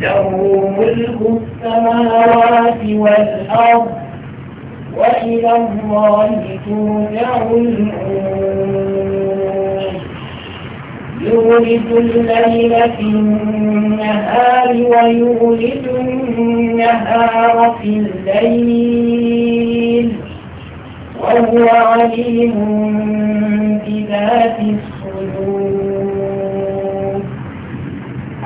له ملك السماوات والأرض وإلى الله ترجع الأمور يولد الليل في النهار ويولد النهار في الليل وهو عليم بذات الصدور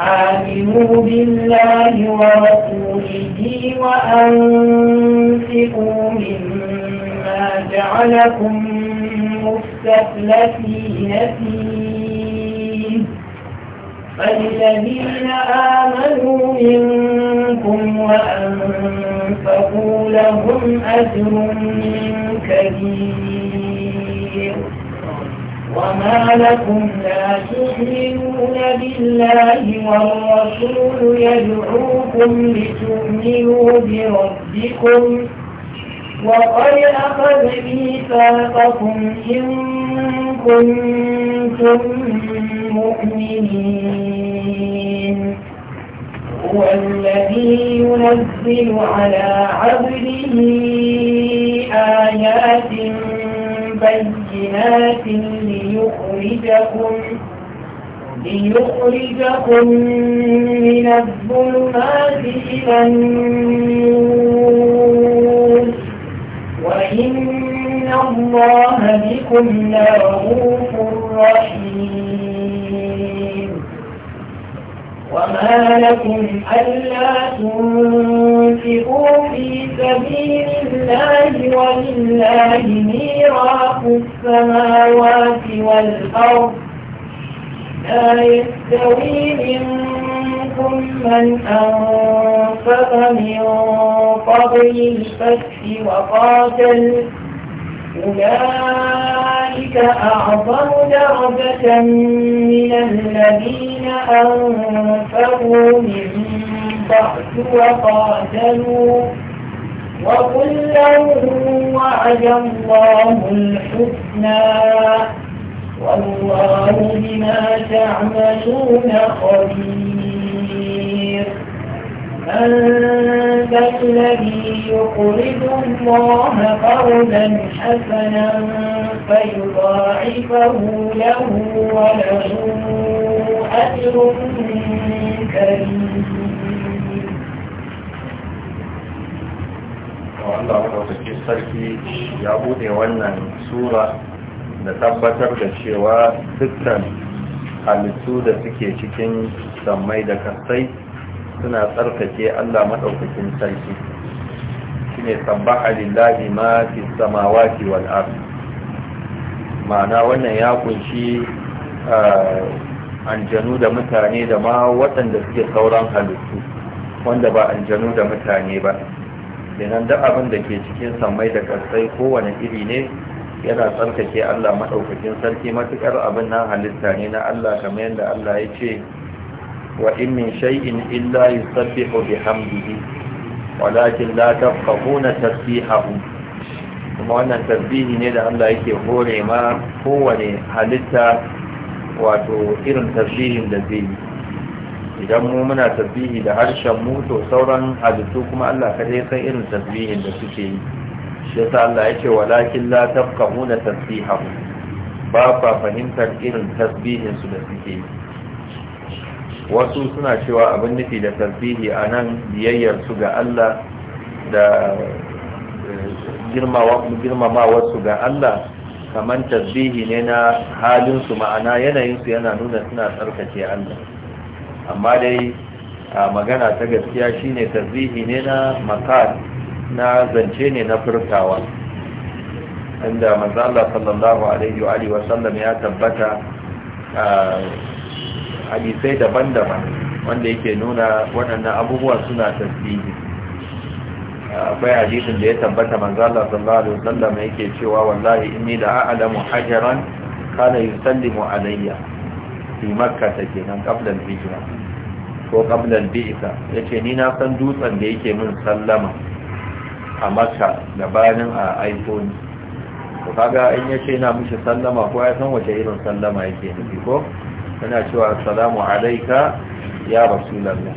آمنوا بالله ورسوله وأنفقوا مما جعلكم مستخلفين فيه فالذين آمنوا منكم وأنفقوا لهم أجر كبير وما لكم لا تؤمنون بالله والرسول يدعوكم لتؤمنوا بربكم وقد أخذ ميثاقكم إن كنتم مؤمنين هو الذي ينزل على عبده آيات بينات ليخرجكم ليخرجكم من الظلمات إلى النور وإن الله بكم لرؤوف رحيم وما لكم ألا تنفقوا في سبيل الله ولله ميراث السماوات والأرض لا يستوي منكم من أنفق من قبل الفتح وقاتل أولئك أعظم درجة من الذين أنفقوا من بعد وقاتلوا له وعد الله الحسنى والله بما تعملون خبير أنت الذي يقرض الله قرضا حسنا فيضاعفه له وله أجر كريم Allah maɗaukakin sarki ya buɗe wannan sura da tabbatar da cewa dukkan halittu da suke cikin sammai da kasai suna tsarkake Allah maɗaukakin sarki shine sabbaha lillahi ma fi samawati wal ardi ma'ana wannan ya kunshi anjanu da mutane da ma waɗanda suke sauran halittu wanda ba anjanu da mutane ba kenan da abin da ke cikin sammai da ƙasai kowane iri ne yana tsarkake Allah maɗaukakin sarki matuƙar abin nan halitta ne na Allah kamar yadda Allah ya ce وإن من شيء إلا يسبح بحمده ولكن لا تفقهون تسبيحهم kuma wannan tasbihi ne da Allah yake hore ma kowane halitta wato irin tasbihin da zai yi idan mu muna tasbihi da harshen mu to sauran halittu kuma Allah kada ya san irin tasbihin da suke yi shi yasa Allah yake walakin la tafqahuna tasbihahu ba ba fahimtar irin tasbihin su da suke yi wasu suna cewa abin nufi da tasbihi a nan biyayyarsu ga Allah da eh, girmamawarsu ga Allah kamar tasbihi ne na halinsu ma'ana yanayinsu yana nuna suna tsarkake Allah amma dai a magana ta gaskiya shine tasbihi ne na makar na zance ne na furtawa inda manzo sallallahu alaihi wa sallam ya tabbata hadisai daban-daban wanda yake nuna waɗannan abubuwa suna tasiri akwai hadisin da ya tabbata manzo Allah sallallahu alaihi wasallam yake cewa wallahi inni da a'lamu hajaran kana yusallimu alayya fi makka take nan qabla hijra ko qabla bisa yace ni na san dutsen da yake min sallama a makka gabanin a iphone ni kaga in yace ina mishi sallama ko ya san wace irin sallama yake nufi ko suna cewa assalamu alaika ya rasulallah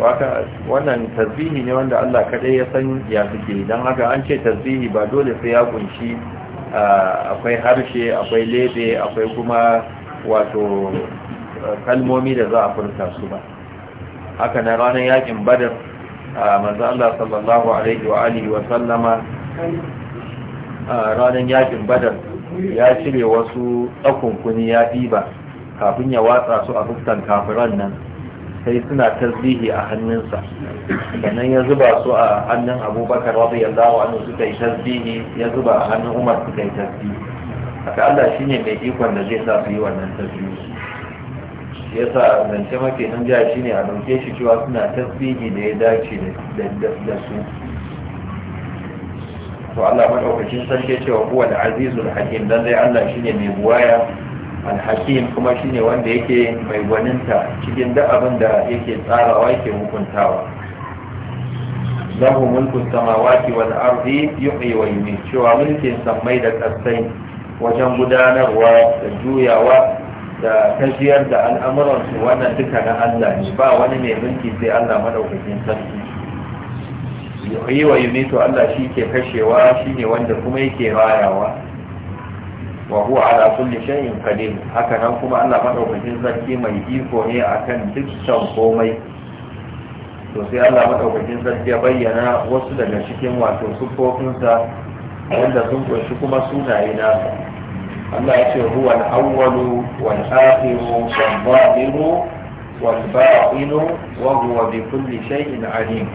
waka wannan tasbihi ne wanda Allah kadai ya san ya suke don haka an ce tasbihi ba dole sai ya kunshi akwai harshe akwai lebe akwai kuma wato kalmomi da za a furta su ba haka na ranar yakin badar manzo Allah sallallahu alaihi wa alihi wa sallama ranar yakin badar ya cire wasu tsakunkuni ya ɗiba kafin ya watsa su a fuskan kafiran nan sai suna tasbihi a hannunsa sannan ya zuba su a hannun abubakar zawo anhu suka yi tasbihi ya zuba a hannun umar suka yi tasbihi haka Allah shine mai ikon da zai sa su yi wannan tasbihi a zance mafi nan jiya ne a dauke shi cewa suna tasbihi da ya dace da su to Allah madaukakin sarki cewa huwa da azizul hakim dan dai Allah shine mai buwaya alhakim kuma shine wanda yake mai gwaninta cikin duk abin da yake tsarawa yake hukuntawa lahu mulku samawati wal ardi yuhyi wa yumiit cewa mulkin sammai da kasai wajen gudanarwa da juyawa da tafiyar da al'amuran su wannan duka na Allah ne ba wani mai mulki sai Allah madaukakin sarki yuhyi wa yumiit Allah shi ke kashewa shine wanda kuma yake rayawa wa huwa ala kulli shay'in qadir haka nan kuma Allah madaukakin sarki mai iko ne akan dukkan komai to sai Allah madaukakin sarki ya bayyana wasu daga cikin wato sa wanda sun kunshi kuma sunaye na Allah ya ce huwa al-awwalu wal akhiru wal zahiru wal ba'inu wa huwa bi kulli shay'in alim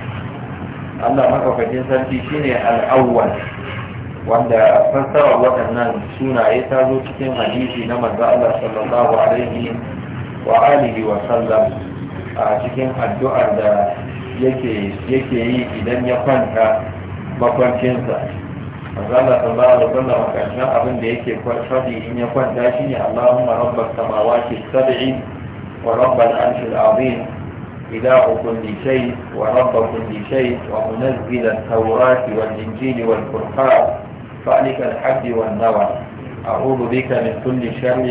Allah madaukakin sarki shine al-awwal wanda fassara waɗannan sunaye ta zo cikin hadisi na manzo Allah sallallahu alaihi wa alihi wa sallam a cikin addu'ar da yake yake yi idan ya kwanta makwancinsa manzo Allah sallallahu alaihi wa sallam a ƙarshen abin da yake faɗi in ya kwanta shine Allahumma rabbas samawati sab'i wa rabbal arshil azim إله كل شيء ورب كل شيء ومنزل التوراة والإنجيل والفرقان فعلك الحج والنوى أعوذ بك من كل شر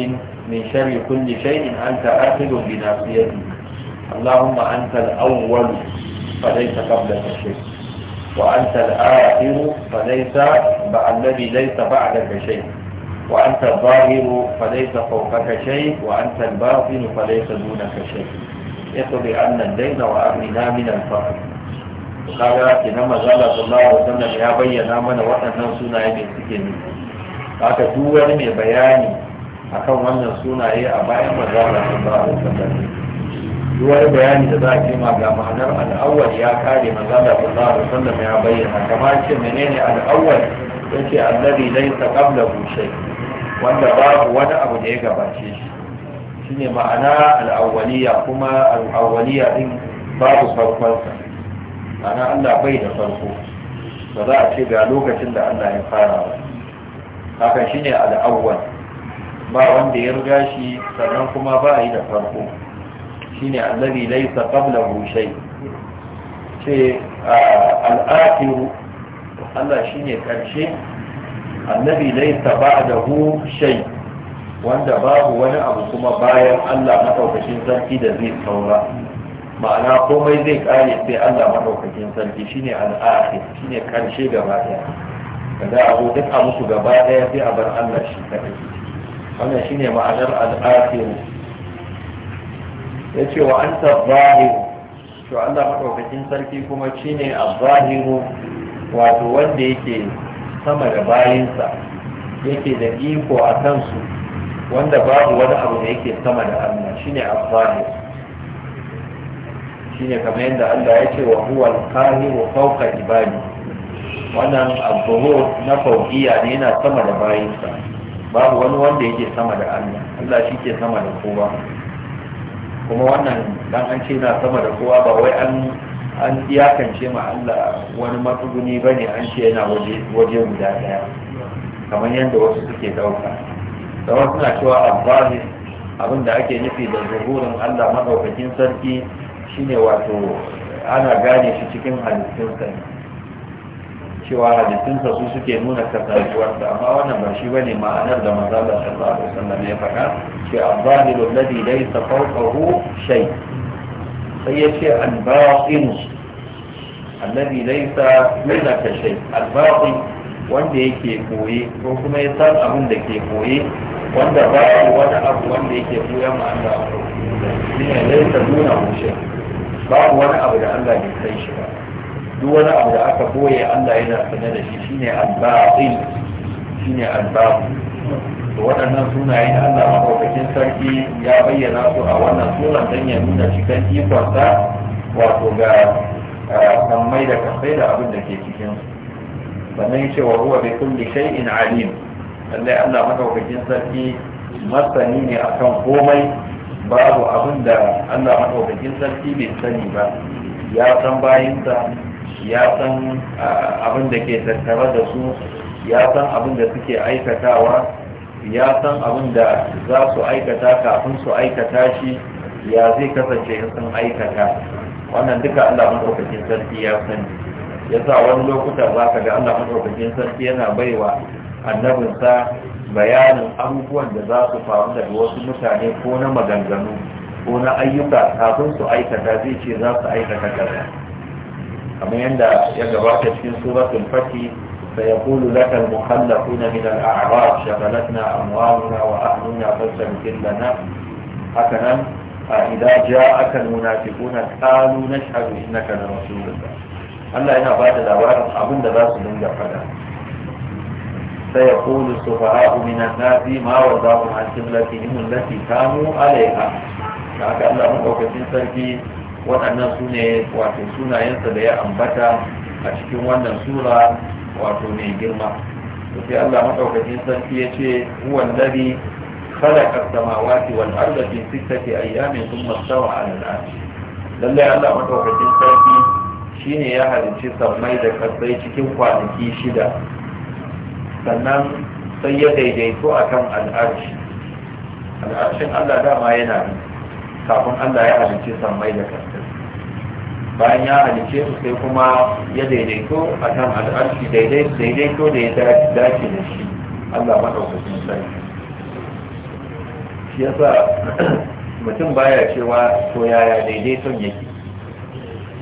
من شر كل شيء أنت آخذ بناصيتي اللهم أنت الأول فليس قبلك شيء وأنت الآخر فليس الذي ليس بعدك شيء وأنت الظاهر فليس فوقك شيء وأنت الباطن فليس دونك شيء اقض عنا الدين وأغنى من الفقر kaga kenan mazala sallallahu alaihi wasallam ya bayyana mana waɗannan sunaye ne suke ne haka duk wani mai bayani akan wannan sunaye a bayan mazala sallallahu alaihi wasallam duk wani bayani da za a ce ma ga ma'anar al'awwal ya kare mazala sallallahu alaihi wasallam ya bayyana kamar ce menene al'awwal yace allazi laysa qablahu shay wanda babu wani abu da ya gabace shi shine ma'ana al'awwaliya kuma al'awwaliya din babu farkonsa ana Allah bai da farko ba za a ce ga lokacin da Allah ya fara ba hakan ne al'awwal ba wanda ya riga shi sannan kuma ba a yi da farko ne allazi laysa qablahu Bushai ce al'akhiru Allah shine karshe annabi laysa da Bushai, wanda babu wani abu kuma bayan Allah madaukakin sarki da zai saura ma'ana komai zai kare sai Allah madaukakin sarki shine al'akhir shine karshe gaba daya kada abu duk a musu gaba daya sai a bar Allah shi kadai wannan shine ma'anar al'akhir yace wa anta zahir to Allah madaukakin sarki kuma shine az-zahiru wato wanda yake sama da bayinsa yake da iko a kansu wanda babu wani abu da yake sama da Allah shine az-zahir shine kamar yadda Allah ya ce wa huwa al-qahiru fawqa ibadi wannan abubuwa na fawqiya ne yana sama da bayinsa babu wani wanda yake sama da Allah Allah shi ke sama da kowa kuma wannan dan an ce yana sama da kowa ba wai an an iyakance ma Allah wani matsuguni bane an ce yana waje waje guda daya kamar yadda wasu suke dauka da suna na cewa abbas abin da ake nufi da zuhurin Allah madaukakin sarki shine wato ana gane shi cikin halittunsa ne cewa halittunsa su suke nuna kasancewarsa amma wannan ba shi bane ma'anar da manzo Allah sallallahu alaihi wasallam ya faɗa ce al-zahiru alladhi laysa fawqahu shay sai ya ce al-batin alladhi laysa dunaka shay al-batin wanda yake koye ko kuma ya san abin da ke koye wanda ba wani abu wanda yake koyan ma Allah ne laysa dunahu shay babu wani abu da Allah bai san shi ba duk wani abu da aka boye Allah yana sane da shi shine al-batil shine al-batil to waɗannan sunaye da Allah maɗaukakin sarki ya bayyana su a wannan sunan dan ya nuna cikin ikonsa wato ga mai da kasai da abin da ke cikin sannan ce wa ruwa bai kulli shay'in alim lallai Allah maɗaukakin sarki masani ne akan komai babu abin da Allah maɗaukakin sarki bai sani ba ya san bayinsa ya san abin da ke tattare da su ya san abin da suke aikatawa ya san abin da za su aikata kafin su aikata shi ya zai kasance in sun aikata wannan duka Allah maɗaukakin sarki ya sani ya sa wani lokuta za ka ga Allah maɗaukakin sarki yana baiwa annabinsa bayanin abubuwan da za su faru daga wasu mutane ko na maganganu ko na ayyuka kafin su aikata zai ce za su aikata kaza kamar yadda ya gabata cikin suratul fatih فيقول لك المخلفون من الأعراب شغلتنا أموالنا وأهلنا فاستغفر لنا هكذا إذا جاءك المنافقون قالوا نشهد إنك لرسول الله Allah yana ba da labarin abin da za su dinga fada saya السفهاء من الناس ما وضعهم عن قبلتهم التي كانوا عليها haka Allah maɗaukacin sarki waɗannan su ne wato sunayensa da ya ambata a cikin wannan sura wato mai girma to sai Allah maɗaukacin sarki ya ce huwan dari khalaqa samawati wal arda fi sittati ayyamin thumma stawa ala al-arsh lalle Allah maɗaukacin sarki shine ya halicci sammai da kasai cikin kwanaki shida sannan sai ya daidaito a kan al'arci al'arcin allah dama yana kafin allah ya halice samai da kasar bayan ya halice su sai kuma ya daidaito a kan al'arci daidaito da ya dace da shi allah maɗaukacin sai shi yasa mutum baya cewa to yaya daidaiton yake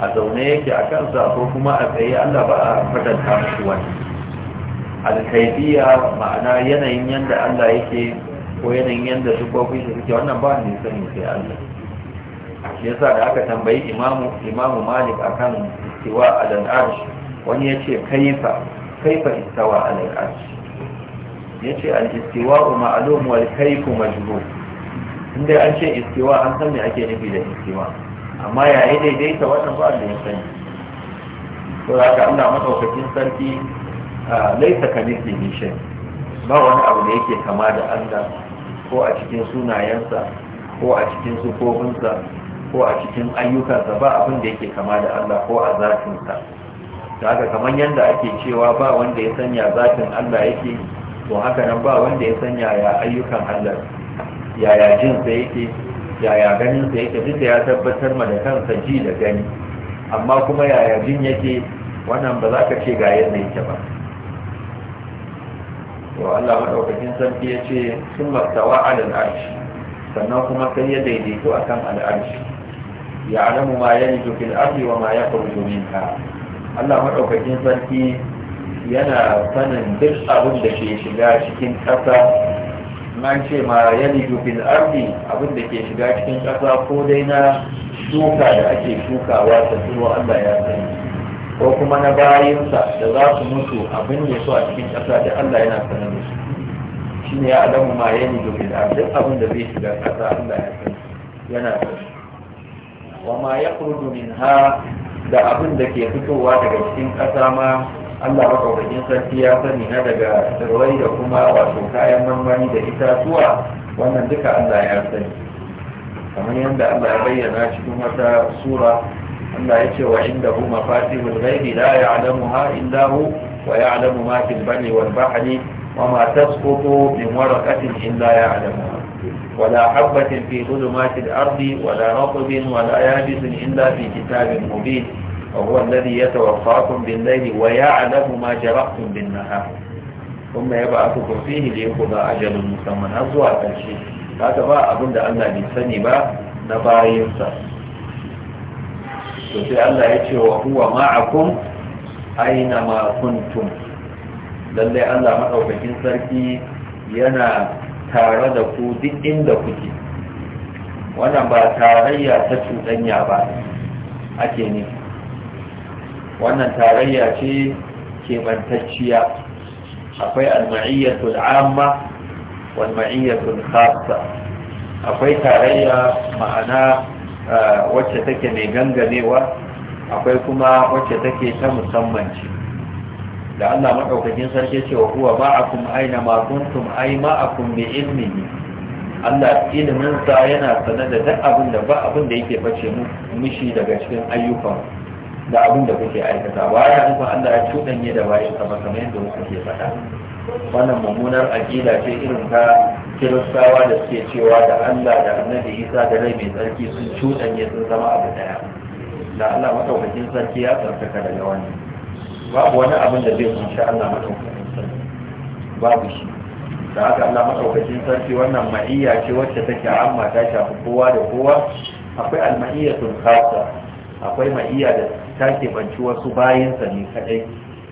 a zaune yake a kansa ko kuma a tsaye allah ba a fadanta musu wani alkaifiya ma'ana yanayin yadda Allah yake ko yanayin yadda shukokin shi suke wannan ba ne sani sai Allah shi yasa da aka tambayi imamu imamu malik akan istiwa alal arsh wani ce kaifa kaifa istawa alal arsh ce al istiwa ma'lum wal kayfu majhul inda an ce istiwa an san me ake nufi da istiwa amma ya yi daidaita wannan ba da sani da ka Allah madaukakin sarki laisa ka nufi shay ba wani abu da yake kama da Allah ko a cikin sunayensa ko a cikin sukobinsa ko a cikin ayyukansa ba abin da yake kama da Allah ko a zafinsa. da haka kamar yadda ake cewa ba wanda ya sanya zafin Allah yake to haka nan ba wanda ya sanya ya ayyukan Allah yaya jinsa yake yaya ganinsa yake duk ya tabbatar ma da kansa ji da gani amma kuma yaya jin yake wannan ba za ka ce ga yadda yake ba to Allah madaukakin sarki ya ce sun martawa alal sannan kuma sai ya daidaito akan al arshi ya alamu ma yalidu fil ardi wa ma yakhruju minha Allah madaukakin sarki yana sanin duk abin da ke shiga cikin ƙasa man ce ma yalidu fil ardi abin da ke shiga cikin ƙasa ko dai na shuka da ake shukawa ta Allah ya sani ko kuma na bayansa da za su mutu abin da su a cikin ƙasa da Allah yana sanar da su shi ne ya alamu ma ya ni domin da duk abin da zai shiga ƙasa Allah ya san yana san wa ma ya kurdu min ha da abin da ke fitowa daga cikin ƙasa ma Allah jin sarki ya sani na daga tsirrai da kuma wato kayan marmari da itatuwa wannan duka Allah ya sani kamar yadda Allah ya bayyana cikin wata sura Allah ya ce wa inda hu mafatihul ghaibi la ya'lamuha illa hu wa ya'lamu ma fil barri wal bahri wa ma tasqutu min waraqatin illa ya'lamuha wa la habatin fi dhulumatil ardi wa la ratbin wa la yabisin illa fi kitabin mubin wa huwa alladhi yatawaffaqukum bil layli wa ya'lamu ma jarahtum bin nahar kuma ya ba ku fihi da yaku ga ajalin musamman har zuwa ƙarshe ba ta ba abin da Allah bai sani ba na bayansa to sai Allah ya ce wa huwa ma'akum aina ma kuntum lallai Allah madaukakin sarki yana tare da ku duk inda kuke wannan ba tarayya ta cuɗanya ba ake ne wannan tarayya ce kebantacciya akwai alma'iyyatul amma wal ma'iyyatul khassa akwai tarayya ma'ana Eh, wacce take mai ganganewa? akwai kuma wacce take ta musammanci? da Allah madaukakin sarki cewa huwa ma'akum aina ma kuntum ai ma'akum bi ilmihi Allah ilimin sa yana sanar da duk abin da ba abin da yake bace mishi daga cikin ayyukan da abin da kuke aikata ba ya nufa Allah ya cuɗanye da bayan sama kamar yadda kuke faɗa wannan mummunar aƙida ce irin ka. kiristawa da suke cewa da Allah da annabi Isa da rai mai tsarki sun cuɗanye sun zama abu daya da Allah madaukakin sarki ya tsarkaka daga wani babu wani abin da zai kunshi Allah madaukakin sarki babu shi da haka Allah madaukakin sarki wannan ma'iyya ce wacce take amma ta shafi kowa da kowa akwai alma'iyyatul khassa akwai ma'iyya da ta ke banci wasu bayinsa ne kadai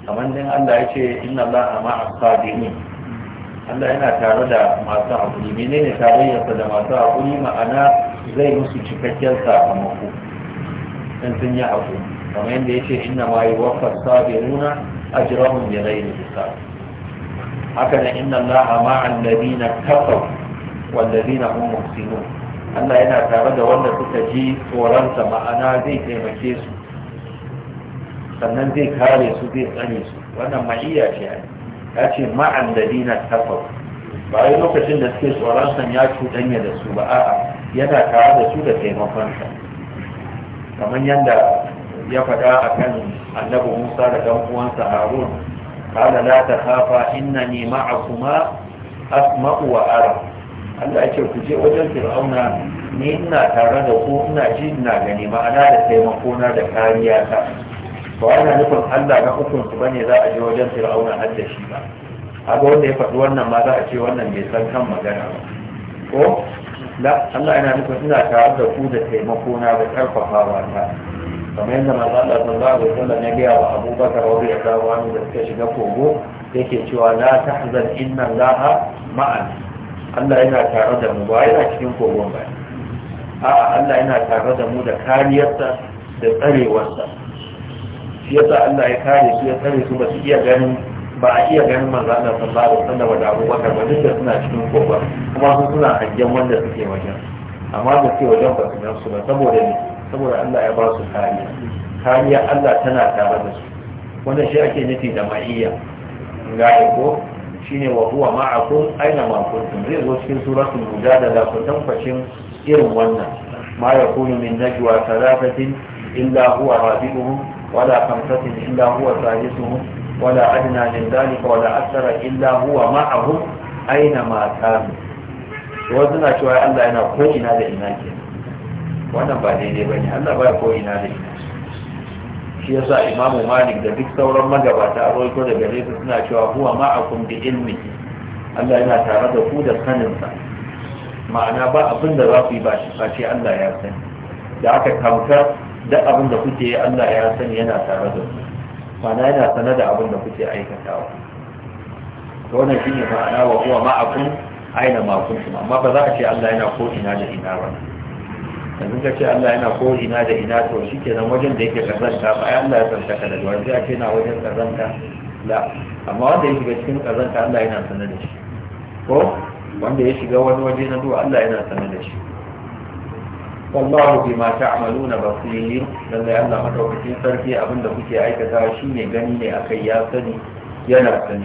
kamar dan Allah ya ce inna Allah ma'a sadiqin Allah yana tare da masu haƙuri menene tarayyarsa da masu haƙuri ma'ana zai musu cikakken sakamako in sun yi haƙuri kamar yadda ya ce inna ma yi wafar sabiruna ajrahum bi ghairi hisab haka nan inna Allah ma'al ladina kafaru wal hum muhsinun Allah yana tare da wanda suka ji tsoronsa ma'ana zai taimake su sannan zai kare su zai tsane su wannan ma'iya ce ai ya ce ma'an da dina tafar ba yi lokacin da suke tsoron san ya cuɗanya da su ba a'a yana tare da su da sa kamar yadda ya faɗa a kan annabi musa da ɗan uwansa harun kala la ta hafa inna ni ma'akuma asma'u wa ara Allah ya ce ku je wajen fir'auna ni ina tare da ku ina ji ina gani ma'ana da taimakona da kariya ta ba ana nufin Allah na hukun su bane za a je wajen fir'auna har da shi ba haka wanda ya faɗi wannan ma za a ce wannan bai san kan magana ba ko la Allah yana nufin ina tare da ku da taimako na da karfafawa ta kamar yadda manzo Allah sallallahu alaihi wasallam ya gaya wa Abubakar radiyallahu anhu da suka shiga kogo yake cewa la tahzan inna Allah ma'ana Allah yana tare da mu ba yana cikin kogon ba a'a Allah yana tare da mu da kariyarsa da tsarewarsa shi sa Allah ya kare su ya tsare su ba su iya ganin ba a iya ganin manzo Allah sallallahu alaihi wasallam da Abubakar ba duk da suna cikin kofa kuma su suna hangen wanda suke wajen amma da ke wajen ba su su ba saboda ne saboda Allah ya ba su kariya kariya Allah tana tare da su wannan shi ake nufi da ma'iyya ga ko shine wa huwa ma'akum aina ma kuntum zai zo cikin suratul mujadala ku tanfacin irin wannan ma yakunu min najwa thalathatin illa huwa rabi'uhum ولا خمسة إلا هو ثالثهم ولا أدنى من ذلك ولا أكثر إلا هو معهم أينما كانوا وزنا شوى الله أنا كو إنا لإنا وأنا بعدين بني الله بقى كو إنا لإنا shi yasa imamu malik da duk sauran magabata a roiko da gare su suna cewa huwa ma'akum bi ilmi Allah yana tare da ku da saninsa ma'ana ba abin da za ku yi ba shi Allah ya sani da aka kamtar duk abin da kuke yi Allah ya sani yana tare da ku mana yana sanar da abin da kuke aikatawa to wannan shine ma'ana wa huwa ma'akum aina ma kuntum amma ba za a ce Allah yana ko ina da ina ba yanzu ka ce Allah yana ko ina da ina to shikenan wajen da yake kazanta ba ai Allah ya san ka da wani ya ce na wajen kazanta la amma wanda ya shiga cikin kazanta Allah yana sanar da shi ko wanda ya shiga wani waje na duwa Allah yana sanar da shi wallahu bima ta'maluna basir lalle Allah madaukakin sarki abinda kuke aikata shine gani ne akai ya sani yana sani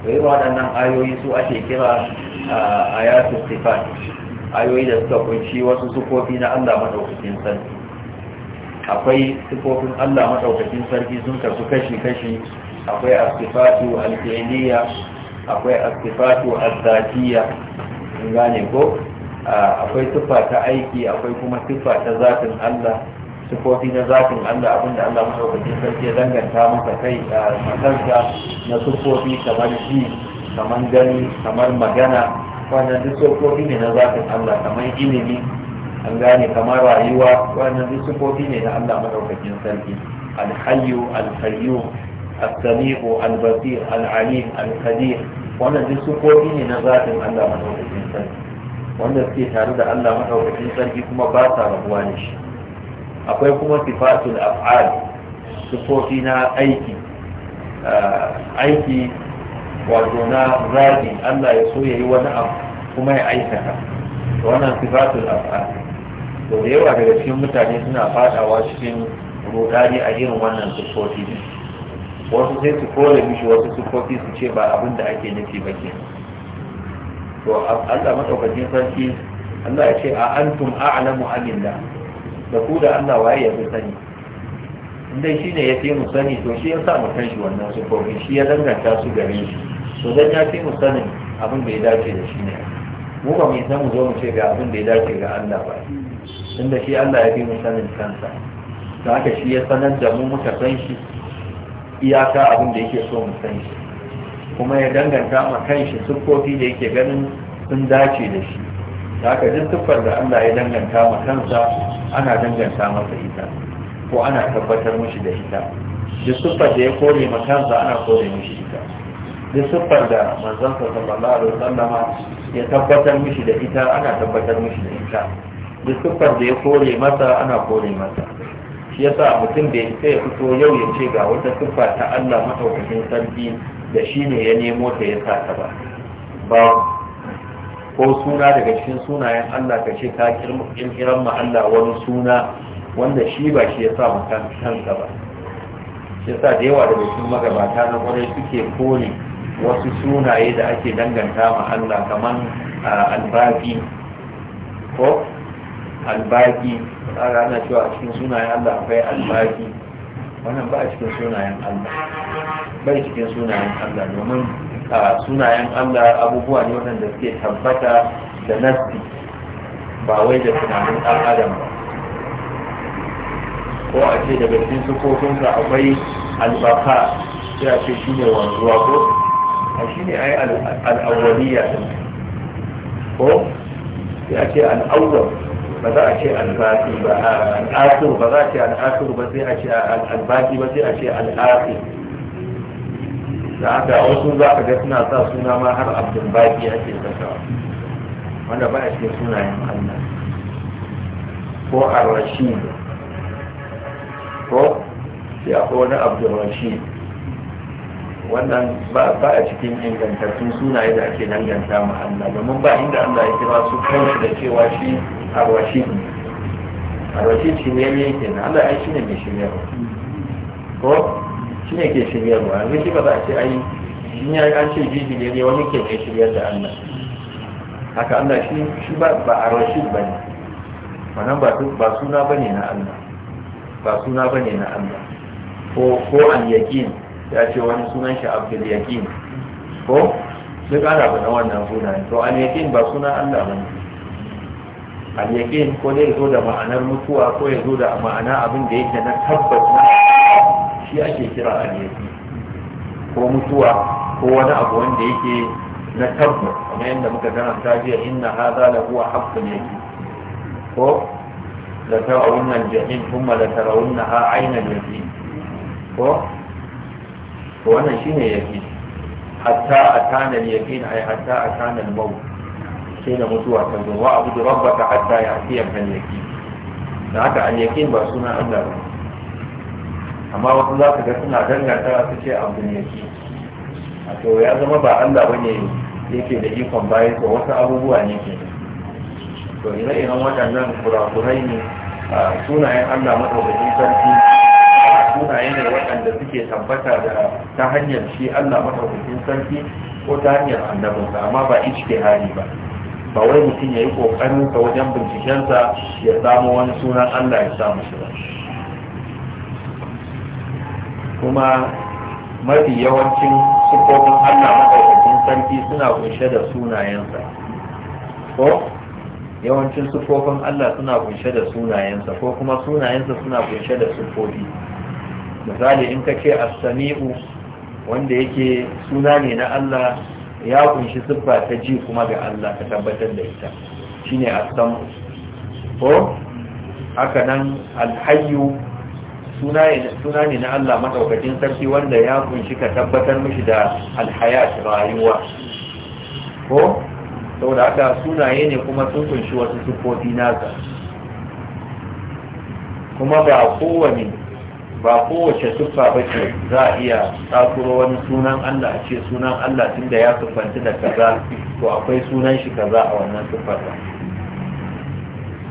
to yi waɗannan ayoyi su ake kira a ayatul sifat ayoyi da suka kunshi wasu sufofi na Allah madaukakin sarki akwai sifofin Allah madaukakin sarki sun kasu kashi kashi akwai asifatu al akwai asifatu al-zatiyya gane ko akwai tuffa ta aiki akwai kuma tuffa ta zatin Allah sifofi na zatin Allah abinda Allah madaukakin sarki ya danganta masa kai kansa na sifofi kamar ji kamar gani kamar magana wannan duk sifofi ne na zatin Allah kamar ilimi an gane kamar rayuwa wannan duk sifofi ne na Allah madaukakin sarki alhayyu alqayyum al البصير al القدير wannan duk sifofi ne na zatin Allah madaukakin sarki wanda suke tare da Allah madaukakin sarki kuma ba sa rabuwa da shi akwai kuma sifatul af'al sifofi na aiki eh, aiki wato na zaɓi Allah ya so ya yi wani abu kuma ya aikata wannan sifatul af'al to da yawa daga cikin mutane suna faɗawa cikin rudani a irin wannan sifofi wasu sai su kore mishi wasu sifofi su ce ba abin da ake nufi ba ke. to Allah madaukakin sarki Allah ya ce a antum a'lamu amillah da ku da Allah waye ya fi sani indai ne ya fi mu sani to shi ya sa mu kan shi wannan sufofi shi ya danganta su gare shi to dan ya fi mu sanin abin da ya dace da shi ne mu ba mu san mu zo mu ce ga abin da ya dace ga Allah ba inda shi Allah ya fi mu sanin kansa don haka shi ya sanar da mu muka san shi iyaka abin da yake so mu san shi kuma ya danganta ma shi siffofi da yake ganin sun dace da shi da haka duk siffar da Allah ya danganta ma kansa ana danganta masa ita ko ana tabbatar mashi da ita duk siffar da ya kore ma kansa ana kore mashi ita duk siffar da manzon sallallahu alaihi wasallama ya tabbatar mashi da ita ana tabbatar mashi da ita duk siffar da ya kore masa ana kore masa shi yasa mutum da ya fito yau ya ce ga wata siffa ta Allah madaukakin sarki da shi ne ya nemo ta ya sa ta ba ba ko suna daga cikin sunayen Allah ka ce ka kirkiran ma Allah wani suna wanda shi ba shi ya sa mu kansa ba shi sa da yawa daga cikin magabata na kwarai suke kore wasu sunaye da ake danganta ma Allah kamar albaki ko albaki ana cewa cikin sunayen Allah akwai albaki wannan ba a cikin sunayen Allah bai cikin sunayen Allah domin sunayen Allah abubuwa ne wadanda suke tabbata da nasti ba wai da tunanin dan adam ba ko a ce daga cikin ka akwai albaka sai a ce shi ne wanzuwa ko a shi ne ai al'awwaliya ko sai a ce al'awwal ba za a ce albaki ba al'asir ba za a ce al'asir ba sai a ce albaki ba sai a ce al'asir da haka wasu za a ga suna sa suna ma har abdul baki abdulbaki ake sakawa wanda ba a cikin sunayen allah ko ar-rashid ko sai akwai wani abdulrashid wannan ba a cikin ingantattun sunaye da ake danganta ma Allah domin ba inda Allah ya kira su kansu da cewa shi arwashi arwashi shiryayye ke na Allah ai shi ne mai shiryarwa ko shi ne ke shiryarwa yanzu shi ba za a ce ai shi ya an ce ji shiryayye wani ke mai shiryar da Allah haka Allah shi shi ba arwashi ba ne wannan ba suna ba ne na Allah ba suna ba ne na Allah ko ko an yaƙin ya ce wani sunan shi abdul yaƙin ko duk ana na wannan sunayen to an yaƙin ba suna Allah ba ne al-yaqin ko dai zo da ma'anar mutuwa ko ya zo da ma'ana abin da yake na tabbas na shi ake kira al-yaqin ko mutuwa ko wani abu wanda yake na tabbas kamar yadda muka karanta jiya inna hadha la huwa haqqul yaqin ko la tarawunna al-jahim thumma la tarawunnaha 'ayna al-yaqin ko to wannan shine yaqin hatta atana al-yaqin ay hatta atana al-maut sai na mutuwa kan zuwa wa abu rabbaka hatta ya fiya kan yaki da haka an yakin ba suna Allah ba amma wasu za ka ga suna danganta su ce abu ne yaki a to ya zama ba Allah bane yake da ikon bayan ko wasu abubuwa ne ke to ina ina waɗannan kurakurai ne a sunayen Allah madaukakin sarki sunayen ne waɗanda suke tabbata da ta hanyar shi Allah madaukakin sarki ko ta hanyar annabinsa amma ba hari ba ba wai mutum ya yi kokarin ka wajen bincikensa ya samu wani sunan Allah ya samu shi ba kuma mafi yawancin sufofin Allah maɗaukakin sarki suna kunshe da sunayensa ko yawancin sufofin Allah suna kunshe da sunayensa ko kuma sunayensa suna kunshe da sufofi misali in ka ce as wanda yake suna ne na Allah ya kunshi siffa ta ji kuma ga Allah ka tabbatar da ita shine as-sam ko haka nan al-hayyu suna ne na Allah madaukakin sarki wanda ya kunshi ka tabbatar mishi da al-hayat rayuwa ko saboda haka sunaye ne kuma sun kunshi wasu siffofi nasa kuma ga kowane ba kowace siffa ba ce za a iya tsakuro wani sunan Allah a ce sunan Allah tun da ya siffanta da kaza to akwai sunan shi kaza a wannan siffar ba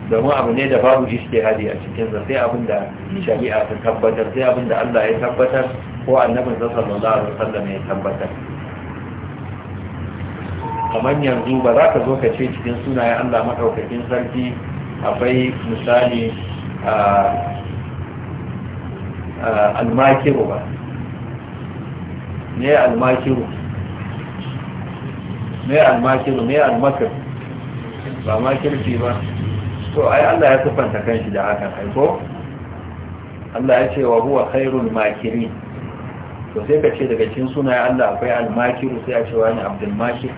domin abu ne da babu hadi a cikin sa sai abin da shari'a ta tabbatar sai abin da Allah ya tabbatar ko annabin da sallallahu alaihi wasallam ya tabbatar kamar yanzu ba za ka zo ka ce cikin sunayen Allah makaukakin sarki akwai misali ah, almakiru ba ne almakiru ne almakiru ne almakir ba makirci ba to ai Allah ya sufanta kanshi da hakan aiko Allah ya ce wa huwa khairul makiri to sai ka ce daga cikin sunayen Allah akwai almakiru sai a ce wani abdulmakir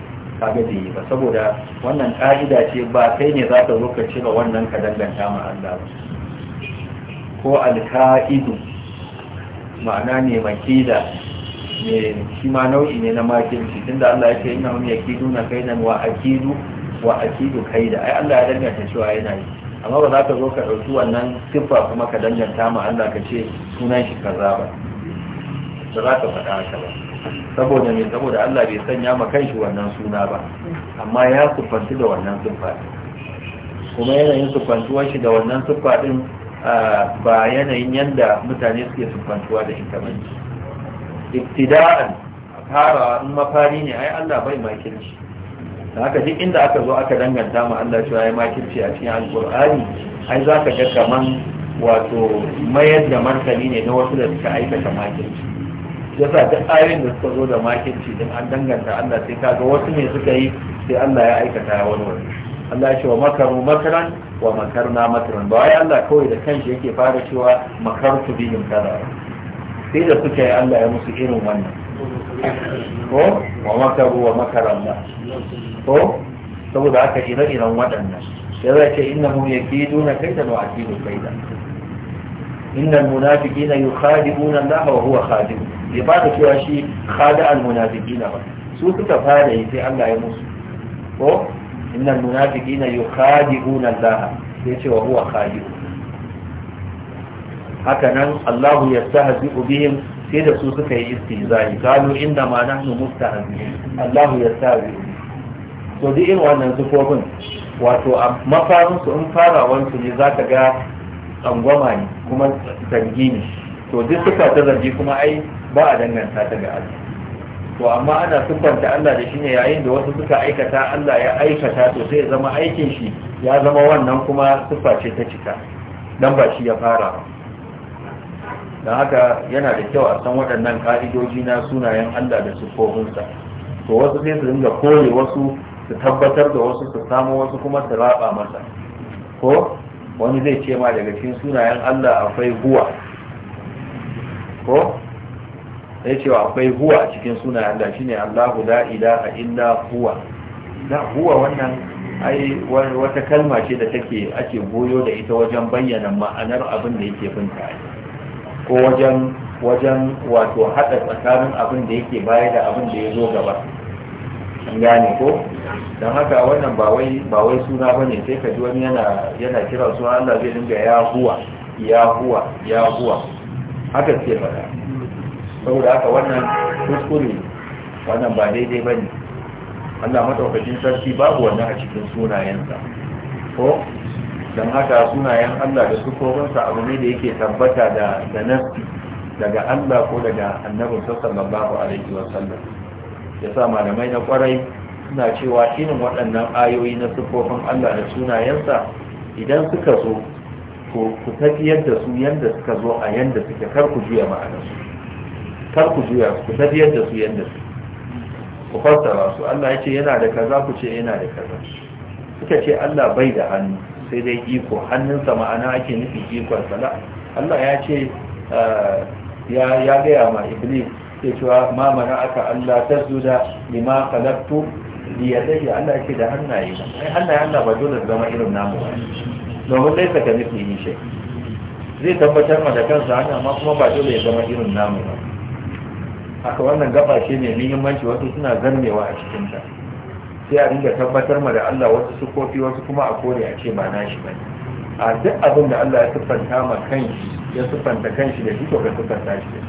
kaga da yi ba saboda wannan ka'ida ce ba kai ne za ka zo ka cire wannan ka danganta ma Allah ba ko alka'idu ma'ana ne makida ne shi ma nau'i ne na makirci tunda Allah ya ce ina wani yakidu na kai nan wa akidu wa akidu da ai Allah ya danganta cewa yana yi amma ba za ka zo ka ɗauki wannan siffa kuma ka danganta ma Allah ka ce sunan shi kaza ba ba za ka faɗa haka ba saboda me saboda Allah bai sanya ma kanshi wannan suna ba amma ya kufanci da wannan siffa kuma yanayin siffantuwar shi da wannan siffa din ba yanayin yadda mutane suke sufantuwa da ita bane ibtida'an fara in mafari ne ai Allah bai makirci da haka duk inda aka zo aka danganta ma Allah cewa ya makirci a cikin alkur'ani ai za ka ga kaman wato mayar da martani ne na wasu da suka aikata makirci yasa duk ayoyin da suka zo da makirci din an danganta Allah sai ka ga wasu ne suka yi sai Allah ya aikata wani wani Allah ya ce wa makaru makaran wa makarna makaran ba wai Allah kawai da kanshi yake fara cewa makartu bihim kaza sai da suka yi Allah ya musu irin wannan ko wa makaru wa makaran Allah ko saboda haka ire-iren waɗannan sai zai ce innahum yakiduna kaidan wa akidu kaidan إن المنافقين يخادعون الله وهو خادع لبعض شيء خادع المنافقين سوء تفارع Allah الله يمسو ko innal munafiqina yukhadi'una Allah yace wa huwa khadi'u haka nan Allahu yastahzi'u bihim sai da su suka yi istihza'i qalu inda ma nahnu mustahzi'un Allahu yastahzi'u to duk in wannan sufofin wato a mafarin su in farawan su ne zaka ga tsangwama ne kuma zargi ne to duk suka ta zargi kuma ai ba a danganta ta ga Allah to amma ana siffanta Allah da shi ne yayin da wasu suka aikata Allah ya aikata to sai zama aikin shi ya zama wannan kuma siffa ce ta cika dan ba shi ya fara ba don haka yana da kyau a san waɗannan ƙa'idoji na sunayen Allah da siffofinsa to wasu sai su dinga kore wasu su tabbatar da wasu su samu wasu kuma su raba masa ko wani zai ce ma daga cikin sunayen Allah akwai huwa ko sai cewa akwai huwa a cikin suna Allah shine Allahu la ilaha illa huwa Na huwa wannan ai wata kalma ce da take ake goyo da ita wajen bayyana ma'anar abin da yake binta ko wajen wajen wato hada tsakanin abin da yake baya da abin da ya zo gaba an gane ko don haka wannan ba wai ba wai suna bane sai ka ji wani yana yana kira suna Allah zai dinga ya huwa ya huwa ya huwa haka ce fara saboda haka wannan kuskure wannan ba daidai ba ne allah matsaukacin sarki babu wannan a cikin sunayensa ko don haka sunayen allah da sukorinsa abu ne da yake tabbata da da daga allah ko daga annabin babu a alaihi sallar ya sa malamai na kwarai suna cewa irin waɗannan ayoyi na sukofin allah da sunayensa idan suka zo ku tafiyar da su yadda suka zo a yadda suke kar ku juya ma'anarsu kar ku juya ku tafiyar da su yadda su ku fassara su Allah ya ce yana da kaza ku ce yana da kaza suka ce Allah bai da hannu sai dai iko hannunsa ma'ana ake nufi ikon sala Allah ya ce eh, ya gaya ma iblis ya cewa ma mana aka Allah ta lima kalabtu ya dai Allah ya ce da hannaye na ai hannaye Allah ba dole zama irin namu ba domin dai saka nufi ni shi zai tabbatar ma da kansa haka amma kuma ba dole ya zama irin namu ba haka wannan gaba shi ne muhimmanci wasu suna zarmewa a cikin ta sai a dinga tabbatar ma da Allah wasu sukofi wasu kuma a kore a ce ba na shi ba a duk abin da Allah ya siffanta ma kanshi ya siffanta kanshi da shi to ka siffanta shi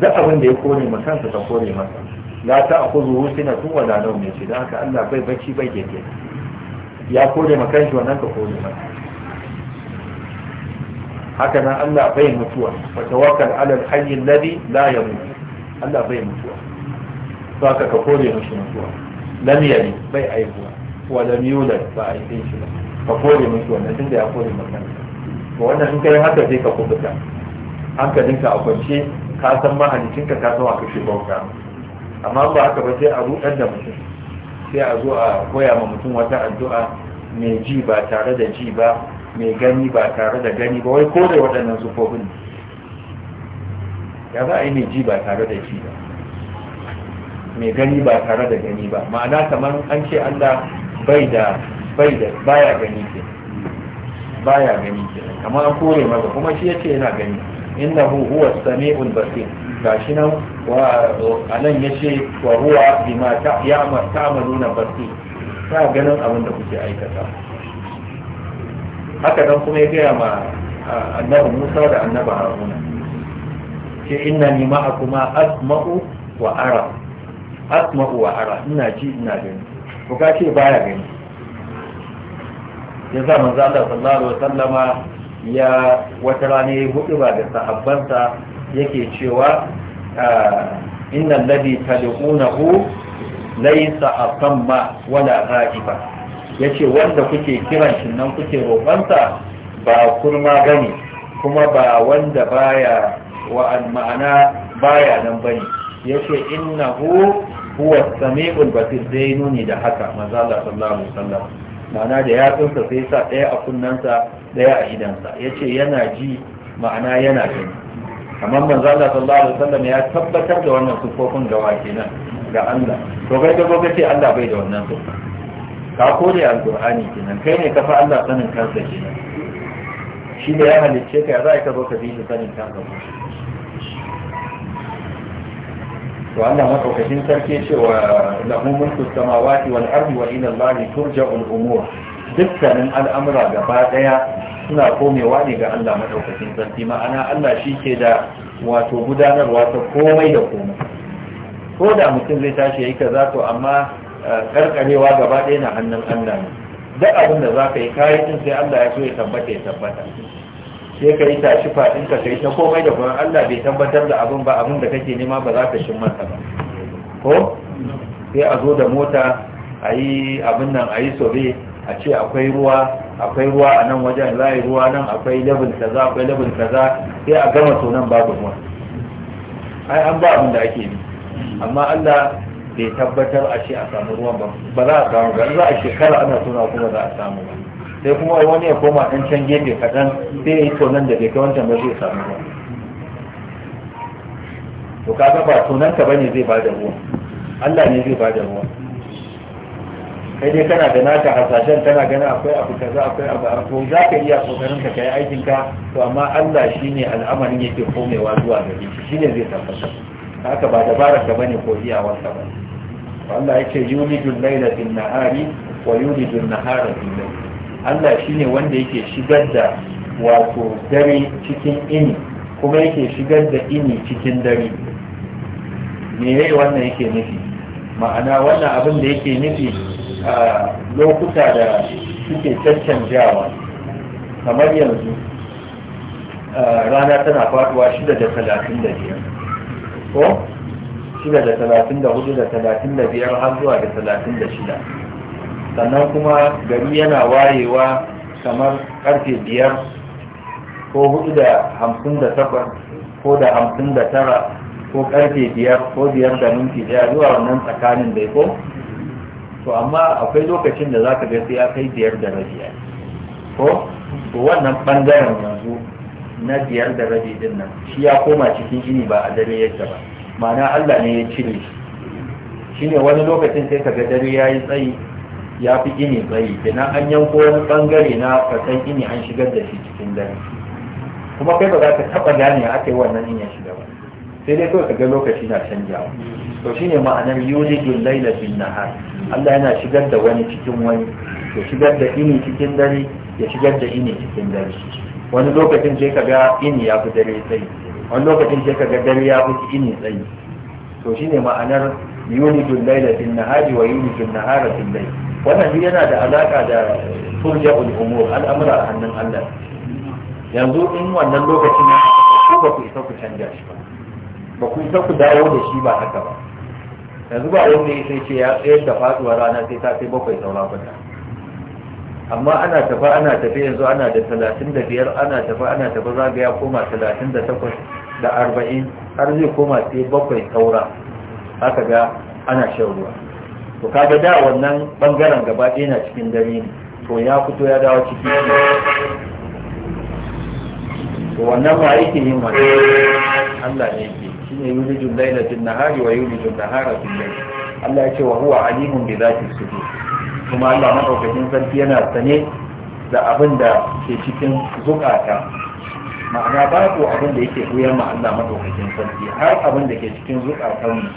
duk abin da ya kore ma kansa ka kore masa la ta akuzu husna tu wala nau ne ce dan haka Allah bai bacci bai gege ya kore ma kanshi wannan ka kore masa haka nan Allah bai mutuwa fa tawakkal ala al-hayy alladhi la yamut Allah bai mutuwa to haka ka kore mishi mutuwa lam yali bai aihuwa wa lam yulad ba a yi shi ba ka kore mishi wannan tunda ya kore maka to wannan in kai haka sai ka kubuta hankalinka a kwance ka san mahalicinka ka san wa kake bauta amma ba haka ba sai a ruɗar da mutum sai a zo a koya ma mutum wata addu'a mai ji ba tare da ji ba mai gani ba tare da gani ba wai kore waɗannan sufofin ne ya za a yi mai ji ba tare da ji ba mai gani ba tare da gani ba ma'ana kamar an ce Allah bai da bai da baya gani ke baya gani ke kamar an kore maza kuma shi ya ce yana gani inda huwa samiul basir shi nan wa anan yace wa huwa bima ta'mal ta'maluna basir ta ganin abin da kuke aikata haka nan kuma ya gaya ma annabi Musa da annabi Haruna ce inna ni kuma asma'u wa ara asma'u wa ara ina ji ina gani ko ka ce baya gani ya za manzo Allah sallallahu alaihi wasallama ya wata rana ya hudu ba da sahabbansa yake cewa ah, inna alladhi tad'unahu laysa asamma wala ghaiba yace wanda kuke kiran shi nan kuke roƙonsa ba kurma gani kuma ba wanda baya wa an ma'ana baya nan bane yace innahu huwa sami'ul basir dai nuni da haka manzo Allah sallallahu alaihi wasallam ma'ana da yatsunsa sai sa daya a kunnansa daya a idansa yace yana ji ma'ana yana gani amma manzo Allah sallallahu alaihi wasallam ya tabbatar da wannan sufofin gawa kenan ga Allah to kai da gobe ce Allah bai da wannan sufa ka kore alqur'ani kenan kai ne kafa Allah sanin kansa kenan shi da ya halicce ka za ka zo ka bi shi sanin kuma? to Allah madaukakin sarki cewa lahu mulku wani wal ardi wa ila Allah turja'ul umur dukkanin al'amura gaba daya suna komewa ne ga Allah madaukakin sarki ma'ana Allah shi ke da wato gudanarwa ta komai da komai ko da mutum zai tashi yayi kaza to amma eh, karkarewa gaba daya na hannun Allah ne duk abin da zaka yi kayi din sai Allah ya so ya tabbata ya tabbata sai ka yi tashi faɗin ka kai ta komai da kuma Allah bai tabbatar da abin ba abin da kake nema ba za ka shin masa ba ko sai a zo da mota a yi abin nan a yi sobe a ce akwai ruwa akwai ruwa a nan wajen za a yi ruwa nan akwai labin kaza akwai labin kaza sai a gama to nan babu ruwa ai an ba abin da ake yi amma Allah bai tabbatar a ce a samu ruwan ba ba za a samu ba za a shekara ana tona kuma za a samu ba sai kuma wani ya koma ɗan can gefe kaɗan sai ya yi tonan da bai kai wancan ba zai samu ba to kaga ba tonan ka bane zai bada ruwa Allah ne zai bada ruwa kai dai kana da naka hasashen kana ganin akwai abu kaza akwai abu ko za ka iya kokarin ka kai aikin ka to amma Allah shine al'amarin yake komewa zuwa gare shi shine zai tabbata haka ba dabarar ka bane ko iya ka ba Allah yake yulijul laila bin nahari wa yulijul nahara bin layl Allah shine wanda yake shigar da wato dare cikin ini kuma yake shigar da ini cikin dare meye wannan yake nufi ma'ana wannan abin da yake nufi a lokuta da suke caccanjawa kamar yanzu rana tana faduwa shida da talatin da biyar ko shida da talatin da hudu da talatin da biyar har zuwa da talatin da shida sannan kuma gari yana wayewa kamar karfe biyar ko hudu da hamsin da takwas ko da hamsin da tara ko karfe biyar ko biyar da minti daya zuwa wannan tsakanin bai ko to amma akwai lokacin da zaka ga sai ya kai biyar da rabi ko to wannan bangaren yanzu na biyar da rabi din nan shi ya koma cikin ini ba a dare yadda ba ma'ana Allah ne ya cire shi shine wani lokacin sai ka ga dare yi tsayi ya fi gini tsayi kenan an yanko wani bangare na fasan gini an shigar da shi cikin dare kuma kai ba za ka taɓa gane aka yi wannan in ya shiga ba sai dai kawai ka ga lokaci na canjawa to shine ma'anar yulijul laila bin nahar Allah yana shigar da wani cikin wani ya shigar da ini cikin dare ya shigar da ini cikin dare wani lokacin sai ka ga ini ya fi dare tsayi wani lokacin sai ka ga dare ya fi ini tsayi to shine ma'anar yulijul laila bin nahari wa yulijul nahara bin layl wannan duk yana da alaka da Turja umur al'amura a hannun Allah yanzu in wannan lokacin ya ko ba ku isa ku canja shi ba ba ku isa ku dawo da shi ba haka ba yanzu ba yau ne sai ce ya tsayar da faduwar rana sai ta sai bakwai saura kwata amma ana tafa ana tafi yanzu ana da talatin da biyar ana tafa ana tafi za ya koma talatin da takwas da arba'in har zai koma sai bakwai saura haka ga ana shan ruwa to kaga da wannan bangaren gaba ɗaya na cikin dare ne to ya fito ya dawo ciki to wannan ma yake yin wannan Allah ne yake yuli jun laila fil nahari wa yulijul nahara fil layl Allah ya ce wa huwa alimun bi zati sudur kuma Allah madaukakin sarki yana sane da abin da ke cikin zukata ma'ana babu abin da yake koyar ma Allah madaukakin sarki har abin da ke cikin zukatan mu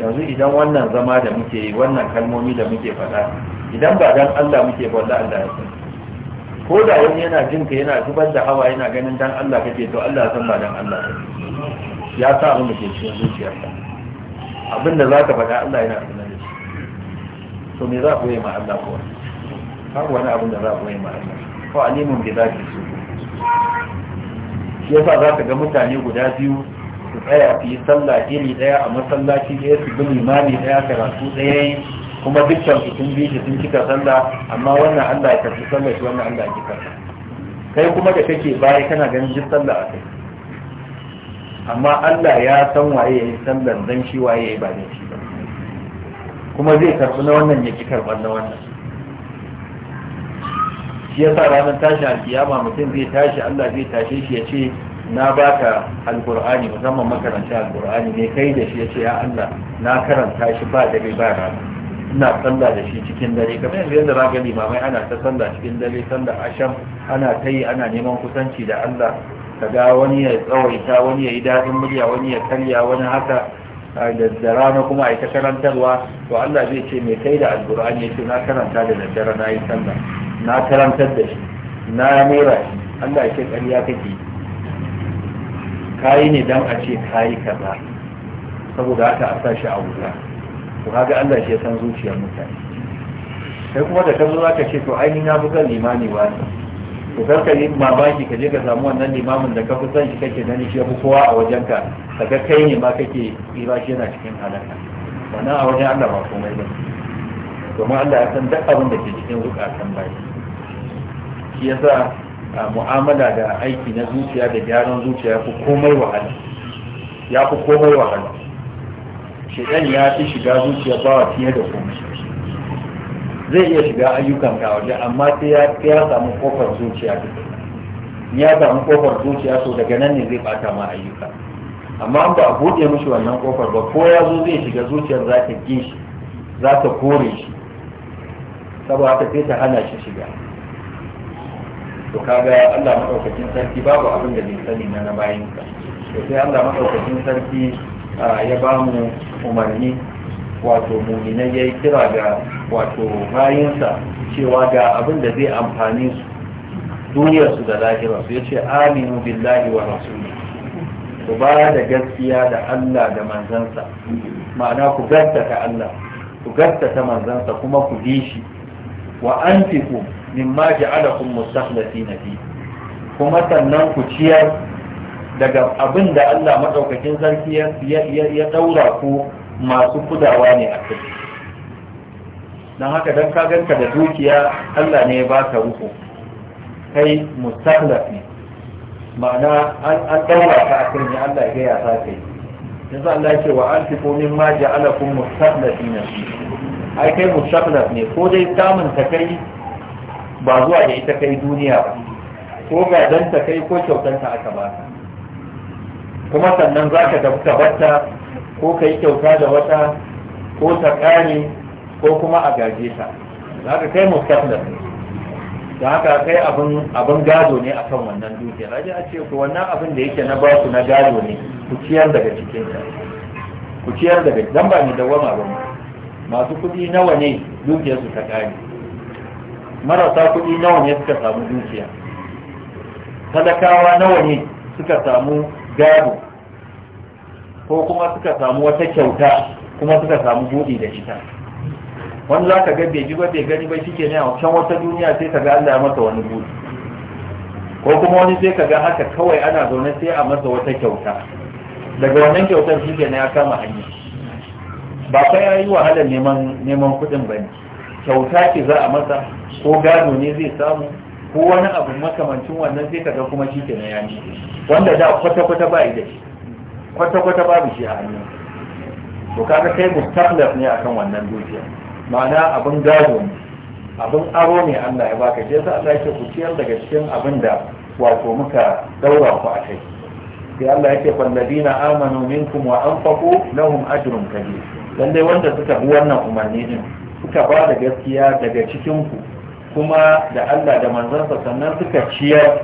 yanzu idan wannan zama da muke yi wannan kalmomi da muke faɗa idan ba dan Allah muke ba wallahi Allah ya san ko da wani yana jin ka yana zubar da hawa yana ganin dan Allah kake to Allah ya san ba dan Allah ya sa abin da ke cikin zuciyarka abin da zaka faɗa Allah yana sanar da shi to me za ku yi ma Allah ko har wani abin da za ku yi ma Allah ko alimun bi zaki su Yasa za ka ga mutane guda biyu su tsaya su yi sallah iri daya a masallaci daya su bi limami daya karatu daya kuma dukkan su sun bi shi sun kika sallah amma wannan Allah ya karbi sallah shi wannan Allah ya kika kai kuma da kake baya kana ganin duk sallah a kai amma Allah ya san waye ya yi sallah, dan shi waye ya ba da shi ba kuma zai karbi na wannan ya ki karban na wannan shi sa ranar tashi alkiyama mutum zai tashi Allah zai tashe shi ya ce na baka alkur'ani musamman makaranta alkur'ani ne kai da shi ya ce ya Allah na karanta shi ba dare ba rana ina sanda da shi cikin dare kamar yanzu yadda za limamai ana ta sanda cikin dare sanda asham ana ta yi ana neman kusanci da Allah ka ga wani ya tsawaita wani ya yi daɗin murya wani ya karya wani haka da rana kuma a yi ta karantarwa to Allah zai ce mai kai da alkur'ani ya ce na karanta da daddare na yi sanda. na karantar da shi na mera shi Allah ya ce ƙarya kake kayi ne don a ce kayi kaza saboda haka a sashi a wuta to kaga Allah shi ya san zuciyar mutane sai kuma da kazo zaka ce to ainihin na buga limani ne. to karka yi mamaki ka je ka samu wannan limamin da ka fi san shi kake gani shi ya fi kowa a wajen ka kaga kai ne ma kake tsira shi yana cikin halaka wannan a wajen Allah ba komai ba domin Allah ya san duk abin da ke cikin zukatan bai shi yasa mu'amala da aiki na zuciya da gyaran zuciya ya fi komai wahala shekan ya fi shiga zuciya wa fiye da komai zai iya shiga ayyukan ka waje amma sai ya samu kofar zuciya da ya samu kofar zuciya so daga nan ne zai bata ma ayyuka amma an ba a buɗe mishi wannan kofar ba ko ya zo zai shiga zuciyar za ta ki za ta kore shi saboda ta sai ta hana shi shiga to kaga Allah maɗaukacin sarki babu abin da bai sani na na bayan ka to sai Allah madaukakin sarki ya ba mu umarni wato muminai ya yi kira ga wato bayansa cewa ga abin da zai amfani su duniyar su da lahirarsu ya ce aminu billahi wa rasuli ku ba da gaskiya da Allah da manzansa ma'ana ku gaskata Allah ku gaskata manzansa kuma ku bi shi wa anfiqu mimma ja'alakum mustakhlifina fi kuma sannan ku ciyar daga abin da Allah madaukakin sarki ya daura ku masu kudawa ne a kai dan haka dan ka ganka da dukiya Allah ne ya baka ruku kai mustakhlif ma'ana an daura ka a kai ne Allah ya ya sa kai yanzu Allah ya ce wa anfiqu mimma ja'alakum mustakhlifina fi ai kai mustakhlif ne ko dai samun kai. ba zuwa da ita kai duniya ba ko ta kai ko kyautanta aka ba kuma sannan za ka tabbata ko ka yi kyauta da wata ko ta kare ko kuma a gaje ta za ka kai mustaqbal da haka kai abin gado ne akan wannan dukiya raji a ce ku wannan abin da yake na basu na gado ne ku ciyar daga cikin ku ciyar daga dan ba ni dawama ba masu kuɗi nawa ne dukiyarsu ta kare marasa kuɗi nawa ne suka samu dukiya talakawa nawa ne suka samu gado ko kuma suka samu wata kyauta kuma suka samu buɗi da ita wani za ka ga bai ji ba bai gani ba shike ne a can wata duniya sai ka ga Allah ya masa wani buɗi ko kuma wani sai ka ga haka kawai ana zaune sai a masa wata kyauta daga wannan kyautar shike ne ya kama hanya ba kai ya yi wahalar neman kuɗin ba ne kyauta ce za a masa ko gado ne zai samu ko wani abu makamancin wannan sai kaga kuma shi ke na yanki wanda da kwata-kwata ba da shi kwata-kwata babu shi a hannun to kaga kai mustaqlaf ne akan wannan dukiya ma'ana abin gado ne abin aro ne Allah ya baka sai sa Allah yake ku ciyar daga cikin abin da wato muka daura ku a kai sai Allah yake ladina amanu minkum wa anfaqu lahum ajrun kabir lalle wanda suka bi wannan umarni din suka ba da gaskiya daga cikinku kuma da Allah da manzansa sannan suka ciyar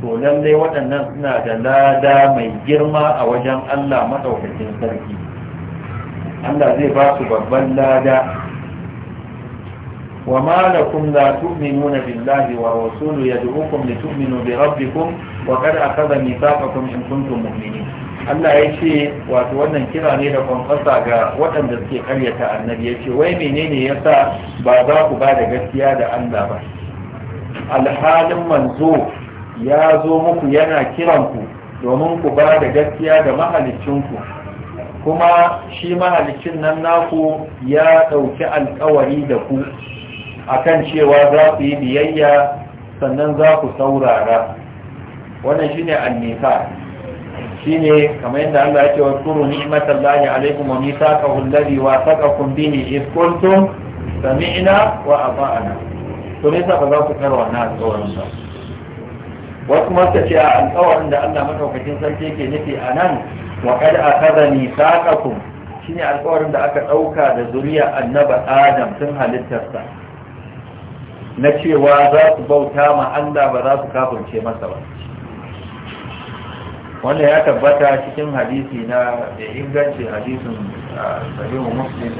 to lallai waɗannan suna da lada mai girma a wajen Allah maɗaukakin sarki Allah zai ba su babban lada وما لكم لا تؤمنون بالله ورسوله يدعوكم لتؤمنوا بربكم وقد أخذ ميثاقكم إن كنتم مؤمنين Allah ya ce wato wannan kira ne da kwanfasa ga waɗanda suke karyata annabi ya ce wai menene ya sa ba za ku ba da gaskiya da Allah ba alhalin manzo ya zo muku yana kiranku domin ku ba da gaskiya da mahaliccinku, kuma shi mahalicin nan naku ya ɗauki alkawari da ku akan cewa za ku yi biyayya sannan za ku saurara wannan shine alnisa. shine kamar yadda Allah ya ce wa kuru ni'matallahi alaikum wa mithaqahu alladhi wasaqakum bihi id kuntum sami'na wa ata'na to ne sa ba za ku karwa na alƙawarin ba wasu masu ce a alƙawarin da Allah madaukakin sarki ke nufi a nan wa kad akhadha mithaqakum shine alƙawarin da aka ɗauka da zuriya annaba Adam tun halittarsa na cewa za su bauta ma Allah ba za su kafirce masa ba wanda ya tabbata cikin hadisi na da inganci hadisin sahihu muslim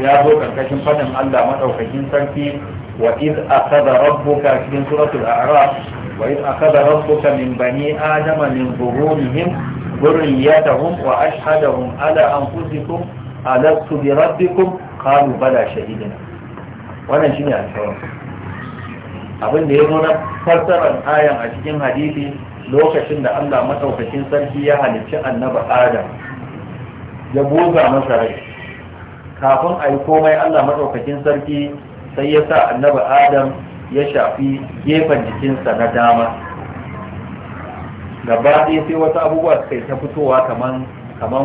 ya zo karkashin fadin Allah madaukakin sarki wa iz akhadha rabbuka cikin suratul a'raf wa iz akhadha rabbuka min bani adama min zuhurihim dhurriyyatahum wa ashhadahum ala anfusikum alastu bi rabbikum qalu bala shahidina wannan shine alƙawarin abin da ya zo na fassarar ayan a cikin hadisi lokacin da Allah madaukakin sarki ya halicci annabi Adam ya goza masa rai kafin a yi komai Allah madaukakin sarki sai ya sa annabi Adam ya shafi gefen jikinsa na dama gaba ɗaya sai wasu abubuwa suka yi ta fitowa kamar kaman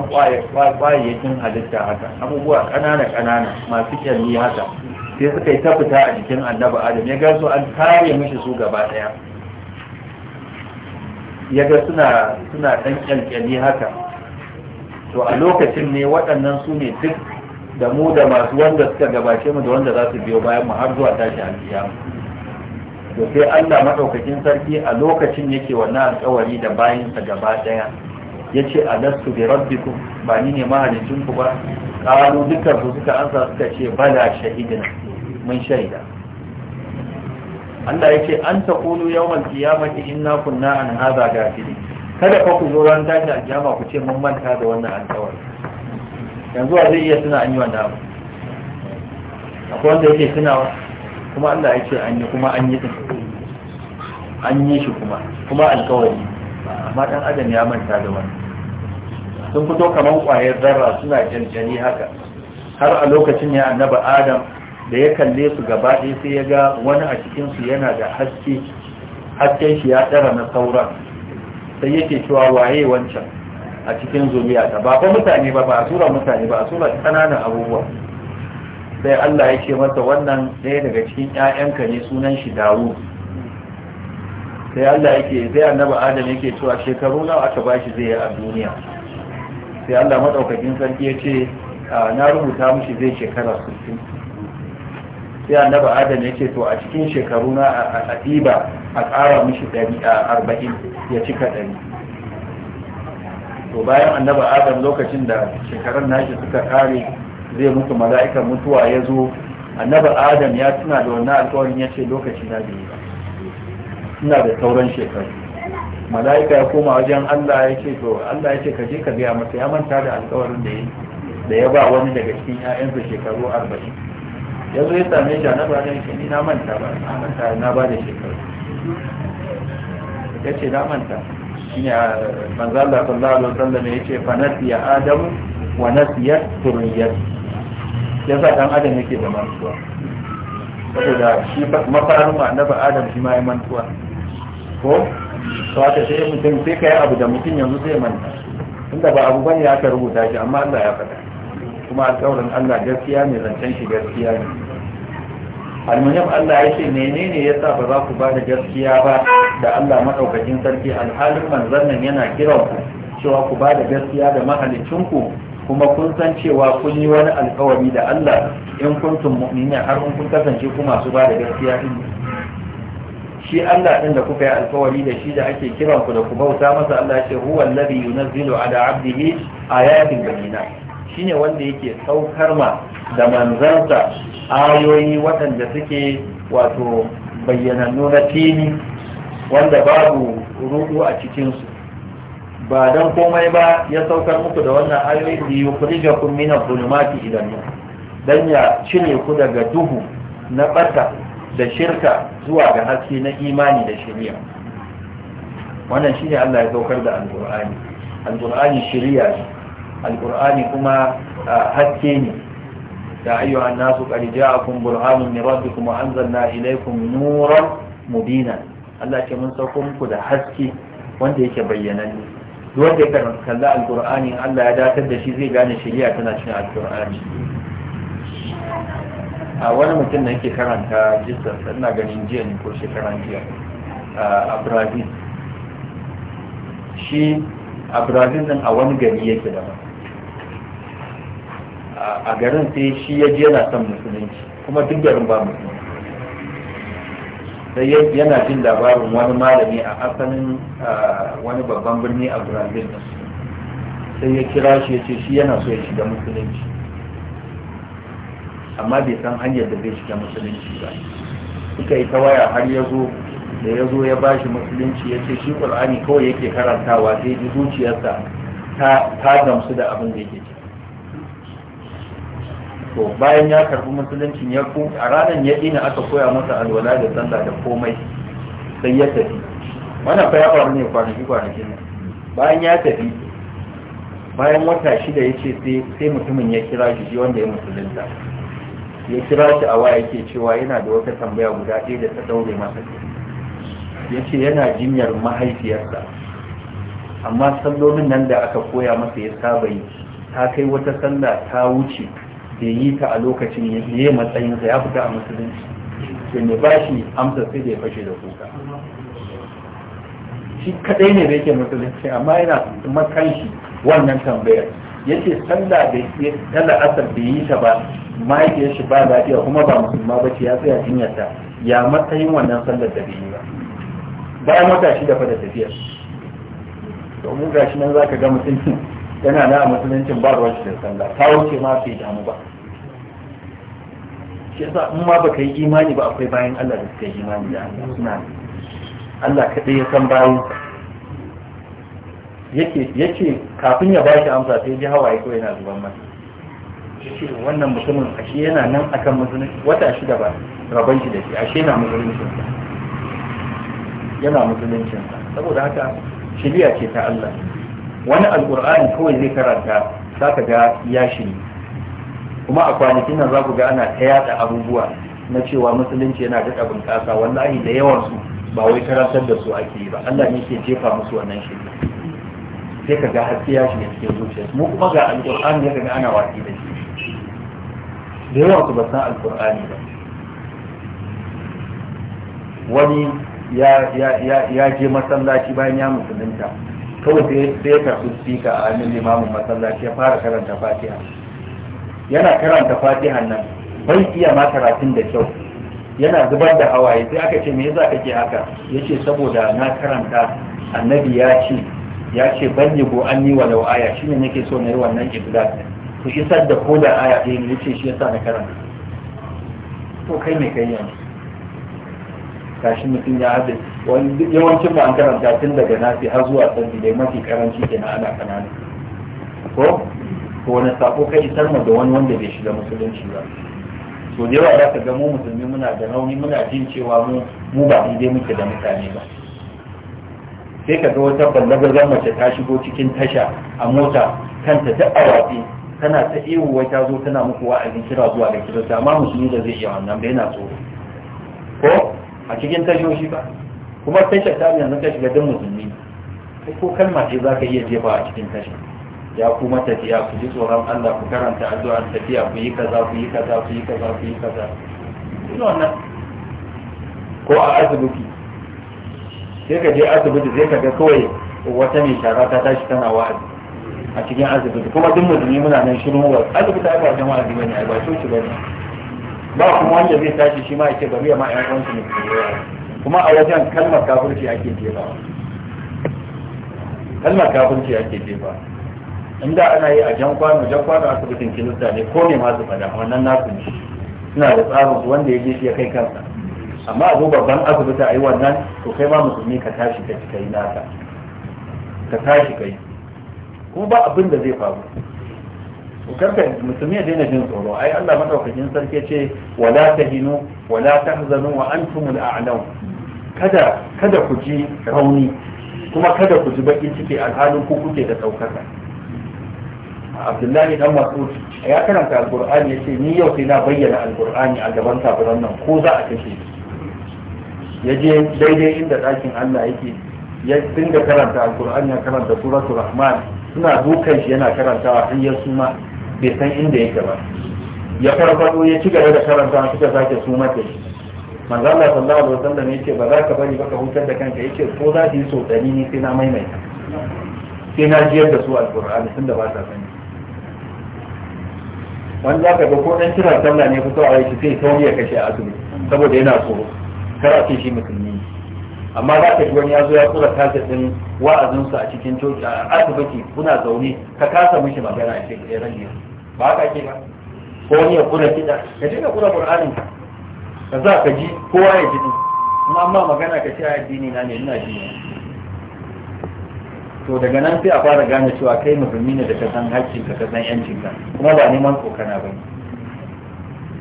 kwayayyakin halitta haka abubuwa ƙanana ƙanana masu kyalli haka sai suka yi ta fita a jikin annaba adam ya ga an kare mishi su gaba daya ya ga suna suna dan kyalkyali haka to a lokacin ne waɗannan su ne duk da mu da masu wanda suka gabace mu da wanda za su biyo bayan mu har zuwa tashi alkiyama to sai Allah madaukakin sarki a lokacin yake wannan alƙawari da bayinsa gaba daya yace alastu bi rabbikum ba ni ne mahalicinku ba qalu dukkan su suka ansa suka ce bala shahidina mun shaida Allah ya ce an kulu yawmal kiyamati inna kunna an hadha ghafilin kada ku zo ran tashi aljama ku ce mun manta da wannan alƙawari yanzu a zai iya suna an yi wanda abu akwai wanda yake suna kuma Allah ya ce an yi kuma an yi din an yi shi kuma kuma alƙawari amma dan adam ya manta da wannan sun fito kamar ƙwayar zarra suna janjani haka har a lokacin ya annaba adam da ya kalle su gaba ɗaya sai ya ga wani a cikinsu yana da haske hasken shi ya tsara na sauran sai yake cewa waye wancan a cikin zuriya ta ba fa mutane ba ba a tura mutane ba a tura ƙananan abubuwa sai Allah ya ce masa wannan ɗaya daga cikin ƴaƴanka ne sunan shi dawo sai Allah yake sai annabi Adam yake cewa shekaru nawa aka bashi zai yi a duniya sai Allah madaukakin sarki ya ce na rubuta mishi zai shekara 60 sai annabi adam ya ce to a cikin shekaru na a ɗiba a ƙara mishi ɗari a arba'in ya cika ɗari to bayan annabi adam lokacin da shekarun nashi suka kare zai mutu mala'ikan mutuwa ya zo annabi adam ya tuna da wannan alkawarin ya ce lokaci na biyu suna da sauran shekaru mala'ika ya koma wajen allah ya ce to allah ya ce ka je ka biya masa ya manta da alkawarin da ya ba wani daga cikin 'ya'yansa shekaru arba'in Yanzu ya same shi a na bada shi ni na manta ba na manta na ba da shekaru ya ce na manta shi ne a manzala sallallahu alaihi wasallam ya ce fa nasiya adamu wa siya turiyat ya sa dan adam yake da mantuwa saboda shi mafarin annabi adam shi ma ya mantuwa ko to aka sai mutum sai kai abu da mutum yanzu zai manta inda ba abu bane aka rubuta shi amma Allah ya faɗa kuma alƙawarin Allah gaskiya ne zancen shi gaskiya ne almuhim Allah ya ce menene sa ba za ku ba da gaskiya ba da Allah maɗaukacin sarki alhalin manzan nan yana kiran ku cewa ku ba da gaskiya da mahalicinku kuma kun san cewa kun yi wani alkawari da Allah in kuntum mu'minin har in kun kasance ku masu ba da gaskiya din shi Allah ɗin da kuka yi alkawari da shi da ake kiran ku da ku bauta masa Allah ya ce huwa allazi yunzilu ala abdihi ayatin bayyinat shine wanda yake saukar ma da manzansa ayoyi waɗanda suke wato bayyanannu na fili wanda babu rudu a cikinsu ba don komai ba ya saukar muku da wannan ayoyi da yi kurija kun na bulmati idan don ya cire ku daga duhu na ɓata da shirka zuwa ga haske na imani da shari'a wannan shine Allah ya saukar da alƙur'ani alƙur'ani shari'a ne Alkur'ani kuma haske ne ya ayyuhan nasu qad ja'akum burhanun min rabbikum wa anzalna ilaykum nuran mubina Allah ce mun sauko muku da haske wanda yake bayyananne duk wanda ya kalla alqur'ani Allah ya datar da shi zai gane shari'a tana cikin alqur'ani a wani mutum da yake karanta jisar ina ganin jiya ne ko shekaran jiya a brazil shi a brazil din a wani gari yake daban a garin sai shi ya je yana son musulunci kuma duk garin ba musulunci sai yana jin labarin wani malami a asalin wani babban birni a brazil sai ya kira shi ya ce shi yana so ya shiga musulunci amma bai san hanyar da zai shiga musulunci ba suka yi ta waya har ya zo da ya zo ya ba shi musulunci ya ce shi kur'ani kawai yake karantawa sai ji zuciyarsa ta gamsu da abin da yake to bayan ya karbi musuluncin ya ku a ranar ya dina aka koya masa alwala da sanda da komai sai ya tafi wannan fa ya faru ne kwanaki kwanaki ne bayan ya tafi bayan wata shida ya ce sai mutumin ya kira shi shi wanda ya musulunta ya kira shi a waya ke cewa yana da wata tambaya guda ɗaya da ta daure masa ya ce yana jinyar mahaifiyarsa amma sallolin nan da aka koya masa ya saba yi ta kai wata sallah ta wuce da yi ta a lokacin ya yi matsayinsa ya fita a musulunci sai mai bashi amsa sai da ya fashe da kuka shi kadai ne da yake musulunci amma yana makanshi wannan tambayar ce sallah da sallah asar da yi ta ba mahaifiyar shi ba lafiya kuma ba musulma ba ce ya tsaya jinyarta ya matsayin wannan sallar da bai yi ba bayan wata shida fa da tafiyar domin gashi nan ka ga mutum yana na musuluncin ba ruwan shi da sallah ta wuce ma sai damu ba shi yasa in ma baka yi imani ba akwai bayan Allah da suka yi imani da Allah suna Allah kaɗai ya san bayan yake yake kafin ya bashi amsa sai ji hawaye ko yana zuban masa yace wannan mutumin ashe yana nan akan musulunci wata shida ba rabon shi da shi ashe yana musulunci yana musulunci saboda haka shiriya ce ta Allah wani alqur'ani kawai zai karanta zaka ga ya shiri kuma a kwanakin nan za ku ga ana ta yada abubuwa na cewa musulunci yana daɗa bunƙasa wallahi da yawan su ba wai karantar da su ake yi ba Allah ne ke jefa musu wannan shi sai ka ga har ya shiga cikin zuciya mu kuma ga alƙur'ani ya ga ana watsi da shi da yawan su ba san alƙur'ani ba wani ya je masallaci bayan ya musulunta kawai sai ya karɓi spika a hannun limamin masallaci ya fara karanta fatiha yana karanta fatihan nan bai iya ma karatun da kyau yana zubar da hawaye sai aka ce me yasa kake haka yace saboda na karanta annabi ya ce ya ce ban yi an yi walau aya ne nake so na yi wannan ibda ku isar da ko da aya ɗaya ne ce shi yasa na karanta to kai me kai yanzu gashi mutum ya haɗe yawancin ba an karanta tun daga nasi har zuwa sanji dai mafi karanci na ana kanana ko ko wani sako kai isar mu da wani wanda bai shiga musulunci ba to da yawa za ka ga mu musulmi muna da rauni muna jin cewa mu mu ba dai muke da mutane ba sai ka ga wata ballagazan mace ta shigo cikin tasha a mota kanta ta awafi tana ta iwu wai ta zo tana muku wa'azin kira zuwa ga ta amma musulmi da zai iya wannan bai na tsoro ko a cikin tashoshi ba kuma tashar ta yanzu ta shiga duk musulmi ko kalma ce za ka iya jefa a cikin tashar ya kuma tafiya ku ji tsoron Allah ku karanta addu'ar tafiya ku yi kaza ku yi kaza ku yi kaza ku yi kaza ina wannan ko a asibiti sai ka je asibiti sai ka ga kawai wata mai shara ta tashi tana wa'azi a cikin asibiti kuma duk mutum muna nan shirin wa asibiti ta wajen wa'azi bane ai ba so ba bane ba kuma wanda zai tashi shi ma ya ce bari ya ma ƴan uwansu ne kuma a wajen kalmar kafirci ake jefa kalmar kafirci ake jefa inda ana yi a jan kwano jan kwano asibitin kilista ne ko ne masu fada wannan nasu ne suna da tsarin wanda ya je shi ya kai kansa amma a babban asibiti a yi wannan to kai ma musulmi ka tashi ka kai naka ka tashi kai kuma ba abin da zai faru to karka musulmi ya daina jin tsoro ai Allah madaukakin sarki ce wala tahinu wala tahzanu wa antumul a'lamu kada kada ku ji rauni kuma kada ku ji bakin ciki alhalin ku kuke da daukaka abdullahi dan mas'ud ya karanta alqur'ani ce ni yau sai na bayyana alqur'ani a gaban kafiran nan ko za a kashe ya je daidai inda ɗakin Allah yake ya dinga karanta alqur'ani ya karanta suratul rahman suna dukan shi yana karanta har ya suma bai san inda yake ba ya farfado ya ci gaba da karanta suka sake suma da shi manzo Allah sallallahu alaihi wasallam yace ba za ka bari ba ka hutar da kanka yace ko za ki yi so dani ni sai na maimaita sai na jiyar da su alqur'ani tunda ba ta sani wani za ka ga ko ɗan kira sallah ne ko a shi sai sauri ya kashe a asibiti saboda yana tsoro kar a ce shi musulmi ne amma za ka ji wani ya zo ya tura kasa ɗin wa'azinsu a cikin coci a asibiti kuna zaune ka kasa mishi magana a cikin ɗaya rage ba haka ke ba ko wani ya kura kiɗa ka ji ka kura ƙur'anin ka ka za ka ji kowa ya ji ɗin amma magana ka ce a addini na ne ina ji ne to daga nan sai a fara gane cewa kai musulmi ne da ka san haƙƙin ka san yancin ka kuma ba neman kokana ba ne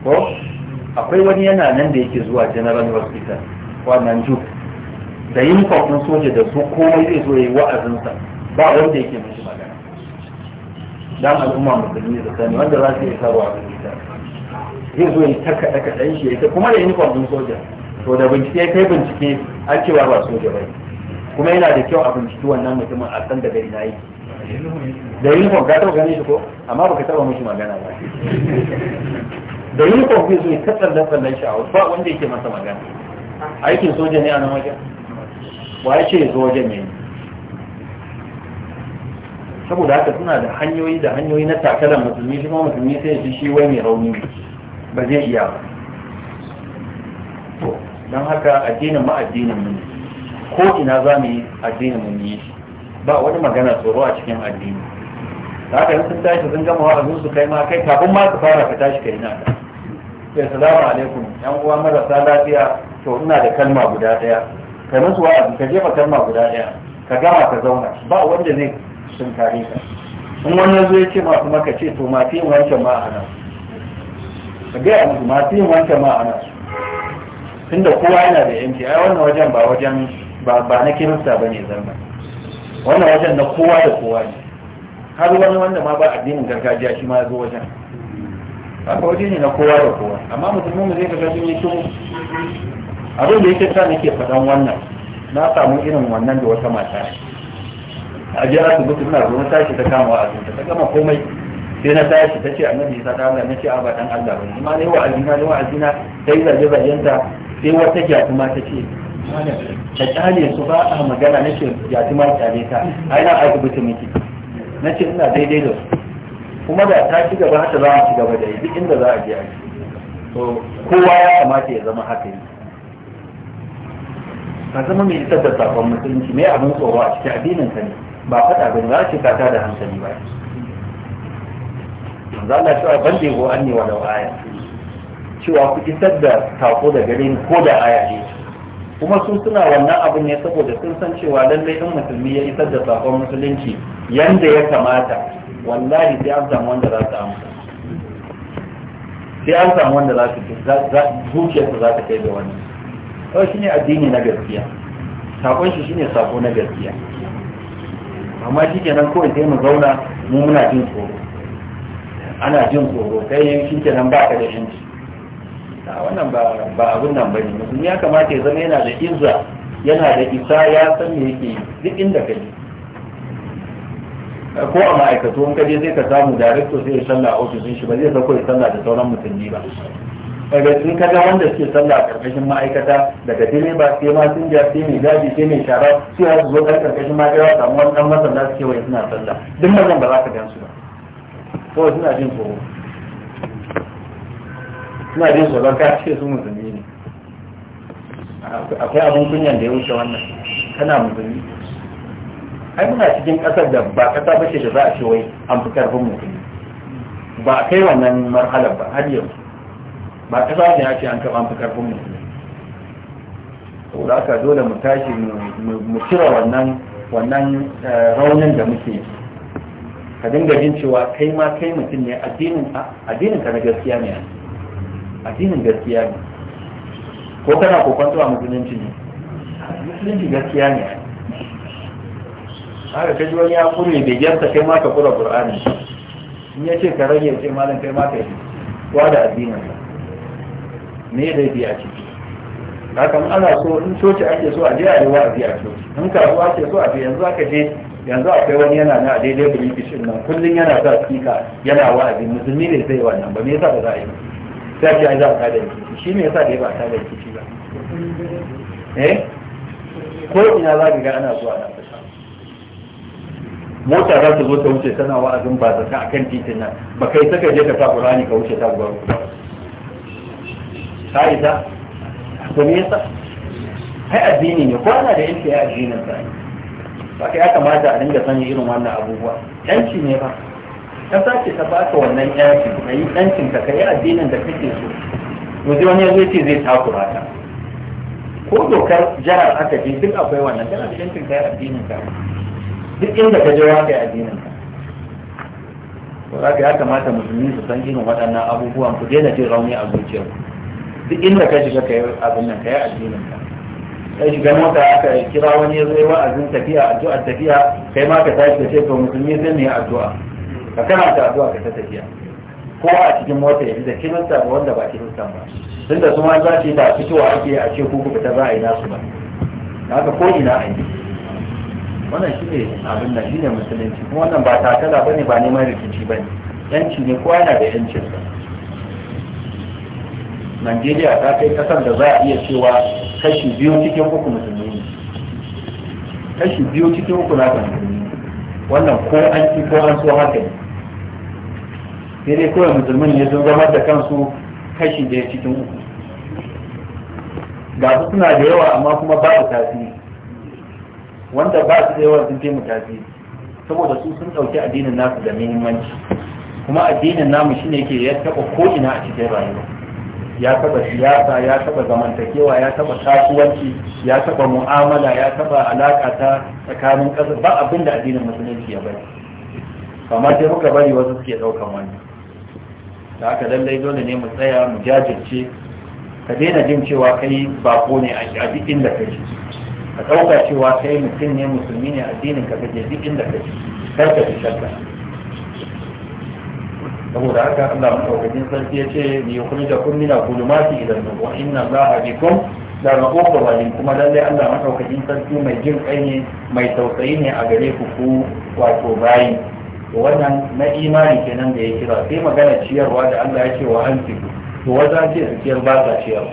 ko akwai wani yana nan da yake zuwa general hospital wannan ju da yin kwafin soja da su komai zai zo yi wa'azinsa ba wanda yake mishi magana dan al'umma musulmi da sani wanda za su yi sabo a hospital zai zo yi taka kaɗa kaɗan shi kuma da yin kwafin soja to da bincike kai bincike a cewa ba soja ba ne kuma yana da kyau a binciki wannan mutumin a san da gari na yi. da yi ka taɓa gani shi ko amma baka taba mishi magana ba da uniform zai zo ya katsallan tsallan shi a wasu ba wanda yake masa magana aikin soja ne a nan wajen wa ya ce zo wajen yayi saboda haka suna da hanyoyi da hanyoyi na takalar musulmi shi kuma musulmi sai ya shi wai mai rauni ba zai iya ba don haka addinin ma addinin mu ne ko ina za mu yi addinin mu yi shi ba wani magana tsoro a cikin addini da haka sun tashi sun gama wa abin su kai ma kai kafin ma su fara ka tashi kai na ka sai salamu alaikum yan uwa marasa lafiya to ina da kalma guda daya ka musu wa'azi ka jefa kalma guda daya ka gama ka zauna ba wanda zai sun kare ka in wani yazo ya ce ma kuma ka ce to ma fi wancan ma a nan ka gaya musu ma fi wancan ma a nan tunda kowa yana da yanki ai wannan wajen ba wajen ba ba na kirista ba ne zama wannan wajen na kowa da kowa ne har wani wanda ma ba addinin gargajiya shi ma ya zo wajen haka waje ne na kowa da kowa amma musulmi mu zai ka sun yi shiru abin da yake sa nake faɗan wannan na samu irin wannan da wata mata a je asibiti ina zo na tashi ta kama wa asibiti ta gama komai sai na tashi ta ce annabi isa ta Allah na ce a ba dan Allah bane ma ne wa azina ne wa azina sai zage ta sai wata gyatu ma ta ce ka kyale su ba a magana na ke ya ji ma kyale ta ai na aiki bitin miki na ce ina daidai da su kuma da ta ci gaba haka za a ci gaba da yi inda za a je aiki to kowa ya kamata ya zama haka yi ka zama mai isar da sakon musulunci mai abin tsoro a cikin addinin ka ne ba faɗa ba ne za a ce ka da hankali ba za a cewa ban da an ne wa aya cewa ku isar da sako da gare ko da aya ne kuma sun suna wannan abin ne saboda sun san cewa lallai in musulmi ya isar da sakon musulunci yadda ya kamata wallahi sai an samu wanda za su amsa sai an samu wanda za su zuciyarsa za ta kai da wani kawai shi ne addini na gaskiya sakon shi shine sako na gaskiya amma shi kenan kawai sai mu zauna mu muna jin tsoro ana jin tsoro kai shi kenan ba ka da yanci wannan ba abin nan bane mutum ya kamata ya zama yana da izza yana da isa ya san me yake duk inda kaje ko a ma'aikatu in kaje zai ka samu director sai ya sallah a ofishin shi ba zai sako ya sallah da sauran mutane ba daga in kaga wanda suke sallah a karkashin ma'aikata daga direba sai ja sai mai gadi sai mai shara sai ya zo kan karkashin ma'aikata samu wani dan da suke wai suna sallah duk mazan ba za ka gan ba kawai suna jin tsoro suna jin tsoron ka ce su musulmi ne akwai abin kunyan da ya wuce wannan kana musulmi ai muna cikin ƙasar da ba ƙasa ba ce da za a ce wai an fi karfin musulmi ba a kai wannan marhalar ba har yau ba ƙasa ne ya ce an taɓa an fi karfin musulmi saboda aka dole mu tashi mu cire wannan wannan eh, raunin da muke ka dinga jin cewa kai ma kai mutum ne addinin ka na gaskiya ne addinin gaskiya ne ko kana kokwanto a musulunci ne musulunci gaskiya ne haka kaji wani ya kure da gyarta kai ma ka kura qur'ani in ya ce ka rage ce malam kai ma ka yi wa da addinin ka me zai biya ciki haka ana so in coci ake so a je a yi wa a coci in kasuwa ake so a je yanzu aka je yanzu akwai wani yana na a daidai bilifish nan kullum yana sa sika yana wa'azi musulmi ne zai wannan ba me yasa ba za a yi sai ce an za a tada rikici shi ne yasa da ya ba a tada rikici ba eh ko ina za ka ga ana zuwa nan mota za ta zo ta wuce tana wa'azin ba zaka a kan titin nan ba kai ta saka je ka sa rani ka wuce ta gwaro ka isa to me yasa kai addini ne ko ana da yanke ya addinin sa ba kai ya kamata a dinga sanya irin wannan abubuwa yanci ne ba Ka sake ta baka wannan yakin ka yi ɗancin ka yi addinin da kake so yanzu wani yanzu ce zai takura ta ko dokar jihar aka je duk akwai wannan tana da yankin ka yi addinin ka duk inda ka je wa ka yi addinin ka to za ka ya kamata musulmi su san irin waɗannan abubuwan ku daina jin rauni a zuciyar duk inda ka shiga ka yi abin nan ka yi addinin ka sai shiga mota aka kira wani ya wa wa'azin tafiya addu'ar tafiya kai ma ka tashi ka ce to musulmi zai ne addu'a ka ta zuwa ka ta tafiya ko a cikin mota yanzu da kirista ba wanda ba kirista ba tun da su ma za ce da fitowa ake a ce kuku ta za a yi nasu ba haka ko ina a yi wannan shi ne abin da shi ne musulunci kuma wannan ba takala ba ne ba neman rikici ba ne yanci ne kowa yana da yancin sa Najeriya ta kai kasar da za a iya cewa kashi biyu cikin uku musulmi ne kashi biyu cikin uku na musulmi wannan ko an ci ko an so haka ne sai dai kowa musulmin ne sun zama da kansu kashi ɗaya cikin uku ga su suna da yawa amma kuma ba su tasiri wanda ba su da yawa sun ce mu tasiri saboda su sun ɗauki addinin nasu da muhimmanci kuma addinin namu shine ke ya taɓa ko'ina a cikin rayuwa ya taɓa siyasa ya taɓa zamantakewa ya taɓa kasuwanci ya taɓa mu'amala ya taɓa alaƙa ta tsakanin ƙasa ba abin addinin musulunci ya bari kamar sai muka bari wasu suke ɗaukan wani da haka lallai dole ne mu tsaya mu jajirce ka daina jin cewa kai bako ne a duk inda kake ka ɗauka cewa kai mutum ne musulmi ne addinin ka kake duk inda kake kar ka fi shakka saboda haka Allah madaukakin sarki ya ce ni yukhrija kun min al-zulumati ila an za a bi Allaha da na ƙofar rahim kuma lallai Allah madaukakin sarki mai jin kai ne mai tausayi ne a gare ku ku wato bayi to wannan na imani kenan da ya kira sai magana ciyarwa da Allah ya ce wa an to wajen ce su ciyar ba sa ciyar.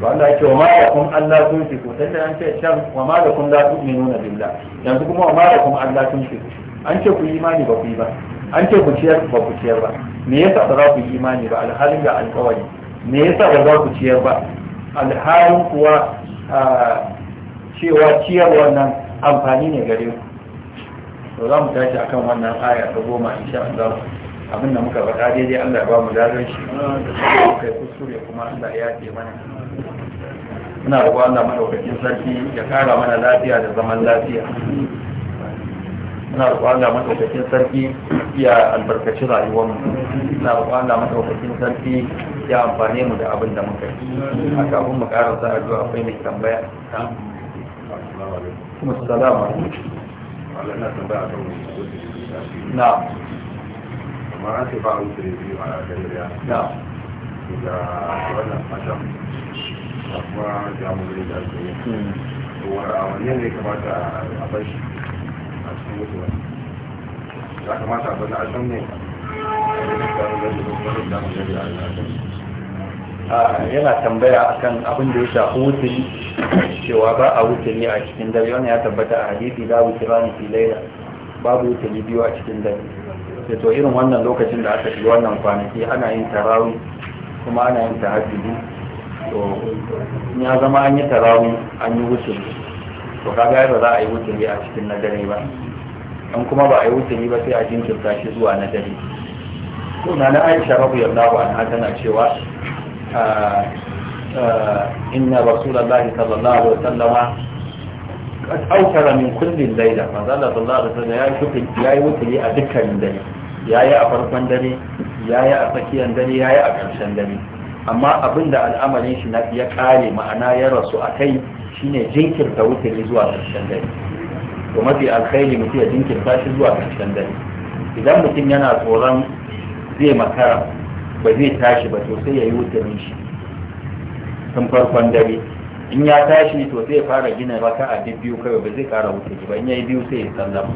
to Allah ya ce wa ma da kun Allah kun ko sai an ce can wa ma da kun ne nuna billah yanzu kuma wa ma da kun Allah kun ci an ce ku yi imani ba ku yi ba an ce ku ciyar ba ku ciyar ba me yasa ba za ku yi imani ba alhalin ga alƙawari me yasa ba za ku ciyar ba alhalin kuwa ah, cewa ciyarwar nan amfani ne gare ku to za mu tashi akan wannan aya ta goma sha Allah abin da muka faɗa daidai Allah ya ba mu dalilin shi kai kuskure kuma Allah ya ce mana muna roƙon Allah madaukakin sarki ya kara mana lafiya da zaman lafiya muna roƙon Allah madaukakin sarki ya albarkaci rayuwar mu muna roƙon Allah madaukakin sarki ya amfane mu da abin da muka yi haka abin mu karanta zuwa akwai mai tambaya kuma salama. alaikum na tambaya kan wani na an ce ba a wuce biyu a gariya na da wannan fasham da kuma jamurin da ake yi hmm. to wanne ne kamata a bar shi a cikin mutuwa ya kamata a bar na asham ne a cikin jamurin da ake yana tambaya akan abin da ya shafi wuturi cewa ba a wuturi a cikin dare wani ya tabbata a hadisi za wuce rani fi laila babu wuturi biyu a cikin dare da to irin wannan lokacin da aka shiga wannan kwanaki ana yin tarawi kuma ana yin tahajjudu to ya zama an yi tarawi an yi wuturi to kaga yadda za a yi wuturi a cikin na dare ba an kuma ba a yi wuturi ba sai a jinkirta shi zuwa na dare to na aisha rabu yallahu na tana cewa إن رسول الله صلى الله عليه وسلم kullin أوكر من كل ليلة فقال صلى الله عليه وسلم يا شكل يا يوتلي أذكر من دلي يا يا a دلي dare, يا أفكيان دلي يا amma abin da al'amarin shi na ya kare ma'ana ya rasu a kai shine jinkirta wutari zuwa ƙarshen dare to mafi alkhairi mutum ya jinkirta shi zuwa ƙarshen dare idan mutum yana tsoron zai makara ba zai tashi ba to sai ya yi wutarin shi tun farkon dare in ya tashi to sai ya fara gina raka a duk biyu kawai ba zai kara wuta ba in ya yi biyu sai ya sallama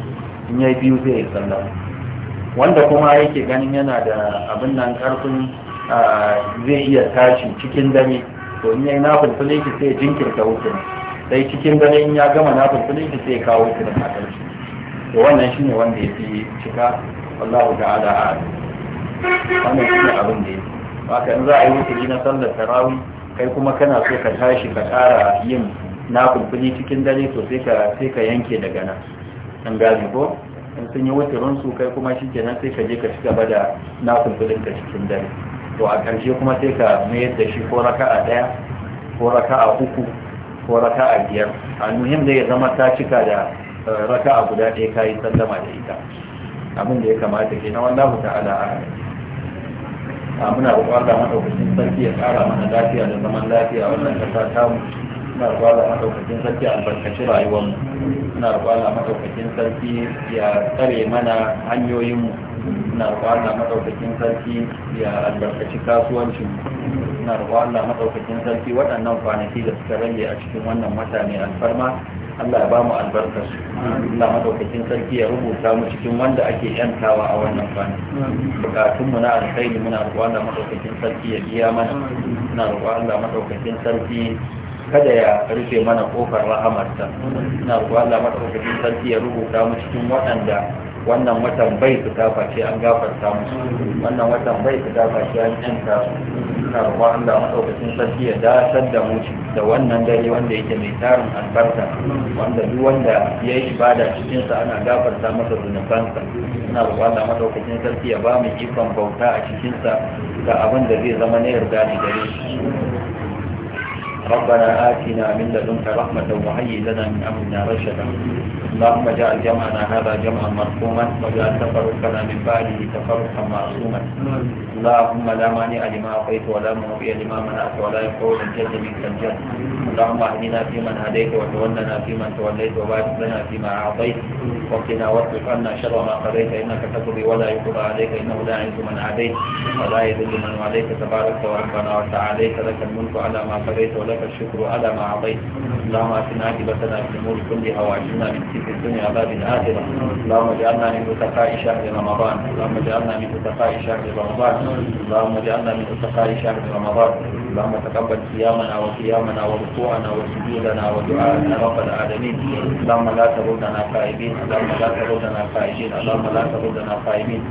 in ya yi biyu sai ya sallama wanda kuma yake ganin yana da abin nan karfin zai iya tashi cikin dare to in ya yi nafin ki sai ya jinkirta wutarin sai cikin dare in ya gama nafin sai ya kawo da a ƙarshe to wannan shine wanda ya fi cika wallahu ta'ala a'lam wannan shi ne abin da ya maka in za a yi wuturi na sallar tarawi kai kuma kana so ka tashi ka kara yin na kulkuli cikin dare to sai ka sai ka yanke daga nan an gane ko in sun yi wuturin su kai kuma shi kenan sai ka je ka ci gaba da na kulkulin ka cikin dare to a ƙarshe kuma sai ka mayar da shi ko raka'a ɗaya ko raka'a uku ko raka'a biyar almuhim da ya zama ta cika da eh, raka'a guda ɗaya kayi sallama da ita abin da ya kamata ke na wallahu ta'ala a'lam muna roƙon Allah madaukakin sarki ya ƙara mana lafiya da zaman lafiya wannan ƙasa ta mu muna roƙon Allah madaukakin sarki a albarkaci rayuwar mu muna roƙon Allah madaukakin sarki ya tsare mana hanyoyin mu muna roƙon Allah madaukakin sarki ya albarkaci kasuwancin mu muna roƙon Allah madaukakin sarki waɗannan kwanaki da suka rage a cikin wannan wata mai alfarma Allah ya ba mu albarkar su Allah madaukakin sarki ya rubuta mu cikin wanda ake yantawa a wannan fani bukatun mu na alkhairi muna roƙon Allah madaukakin sarki ya biya mana muna roƙon Allah madaukakin sarki kada ya rufe mana kofar rahamarsa muna roƙon Allah madaukakin sarki ya rubuta mu cikin waɗanda wannan watan bai fita face an gafarta musu wannan watan bai fita face an yanta muna roƙon Allah madaukakin sarki ya dasar da mu da wannan dare wanda yake mai tarin albarka wanda duk wanda ya yi ibada cikin sa ana gafarta masa zunubansa muna roƙon Allah madaukakin sarki ya ba mu ikon bauta a cikin sa da abin da zai zama na yarda ne gare shi ربنا آتنا من لدنك رحمة وهيئ لنا من أمرنا رشدا اللهم اجعل جمعنا هذا جمعا مرحوما واجعل تفرقنا من بعده تفرقا معصوما اللهم لا مانع لما أعطيت ولا معطي لما منعت ولا يقول الجد منك الجد اللهم اهدنا فيمن هديت وتولنا فيمن توليت وبارك لنا فيما أعطيت وقنا واصرف عنا شر ما قضيت إنك تقضي ولا يقضى عليك إنه لا يعز من عديت ولا يذل من واليت تبارك وربنا وتعاليت لك الملك على ما قضيت ولك ولك الشكر على ما عطيت اللهم أتنا عاقبتنا في الأمور كلها وعجلنا من سيف الدنيا باب الآخرة اللهم اجعلنا من اتقاء شهر رمضان اللهم اجعلنا من اتقاء شهر رمضان اللهم اجعلنا من اتقاء شهر رمضان اللهم تقبل صيامنا وقيامنا وركوعنا وسجودنا ودعاءنا رب العالمين اللهم لا تردنا خائبين اللهم لا تردنا خائبين اللهم لا تردنا خائبين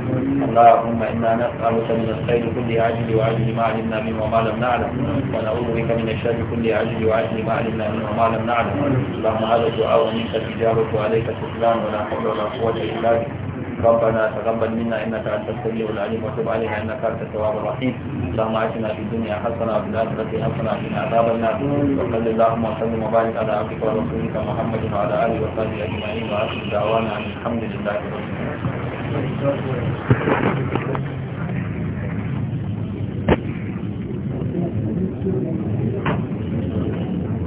اللهم انا نسألك من الخير كل عاجل وعاجل ما علمنا منه وما لم نعلم ونعوذ بك من الشر كل لي أجلي ما علمنا منه وما لم نعلم اللهم هذا الدعاء ومنك الإجابة وعليك السلام ولا حول ولا قوة إلا بك ربنا تقبل منا انك انت السميع العليم وتب علينا انك انت التواب الرحيم اللهم اتنا في الدنيا حسنه وفي الاخره حسنه وقنا عذاب النار وصل اللهم وسلم وبارك على عبدك ورسولك محمد وعلى اله وصحبه اجمعين واخر دعوانا ان الحمد لله رب العالمين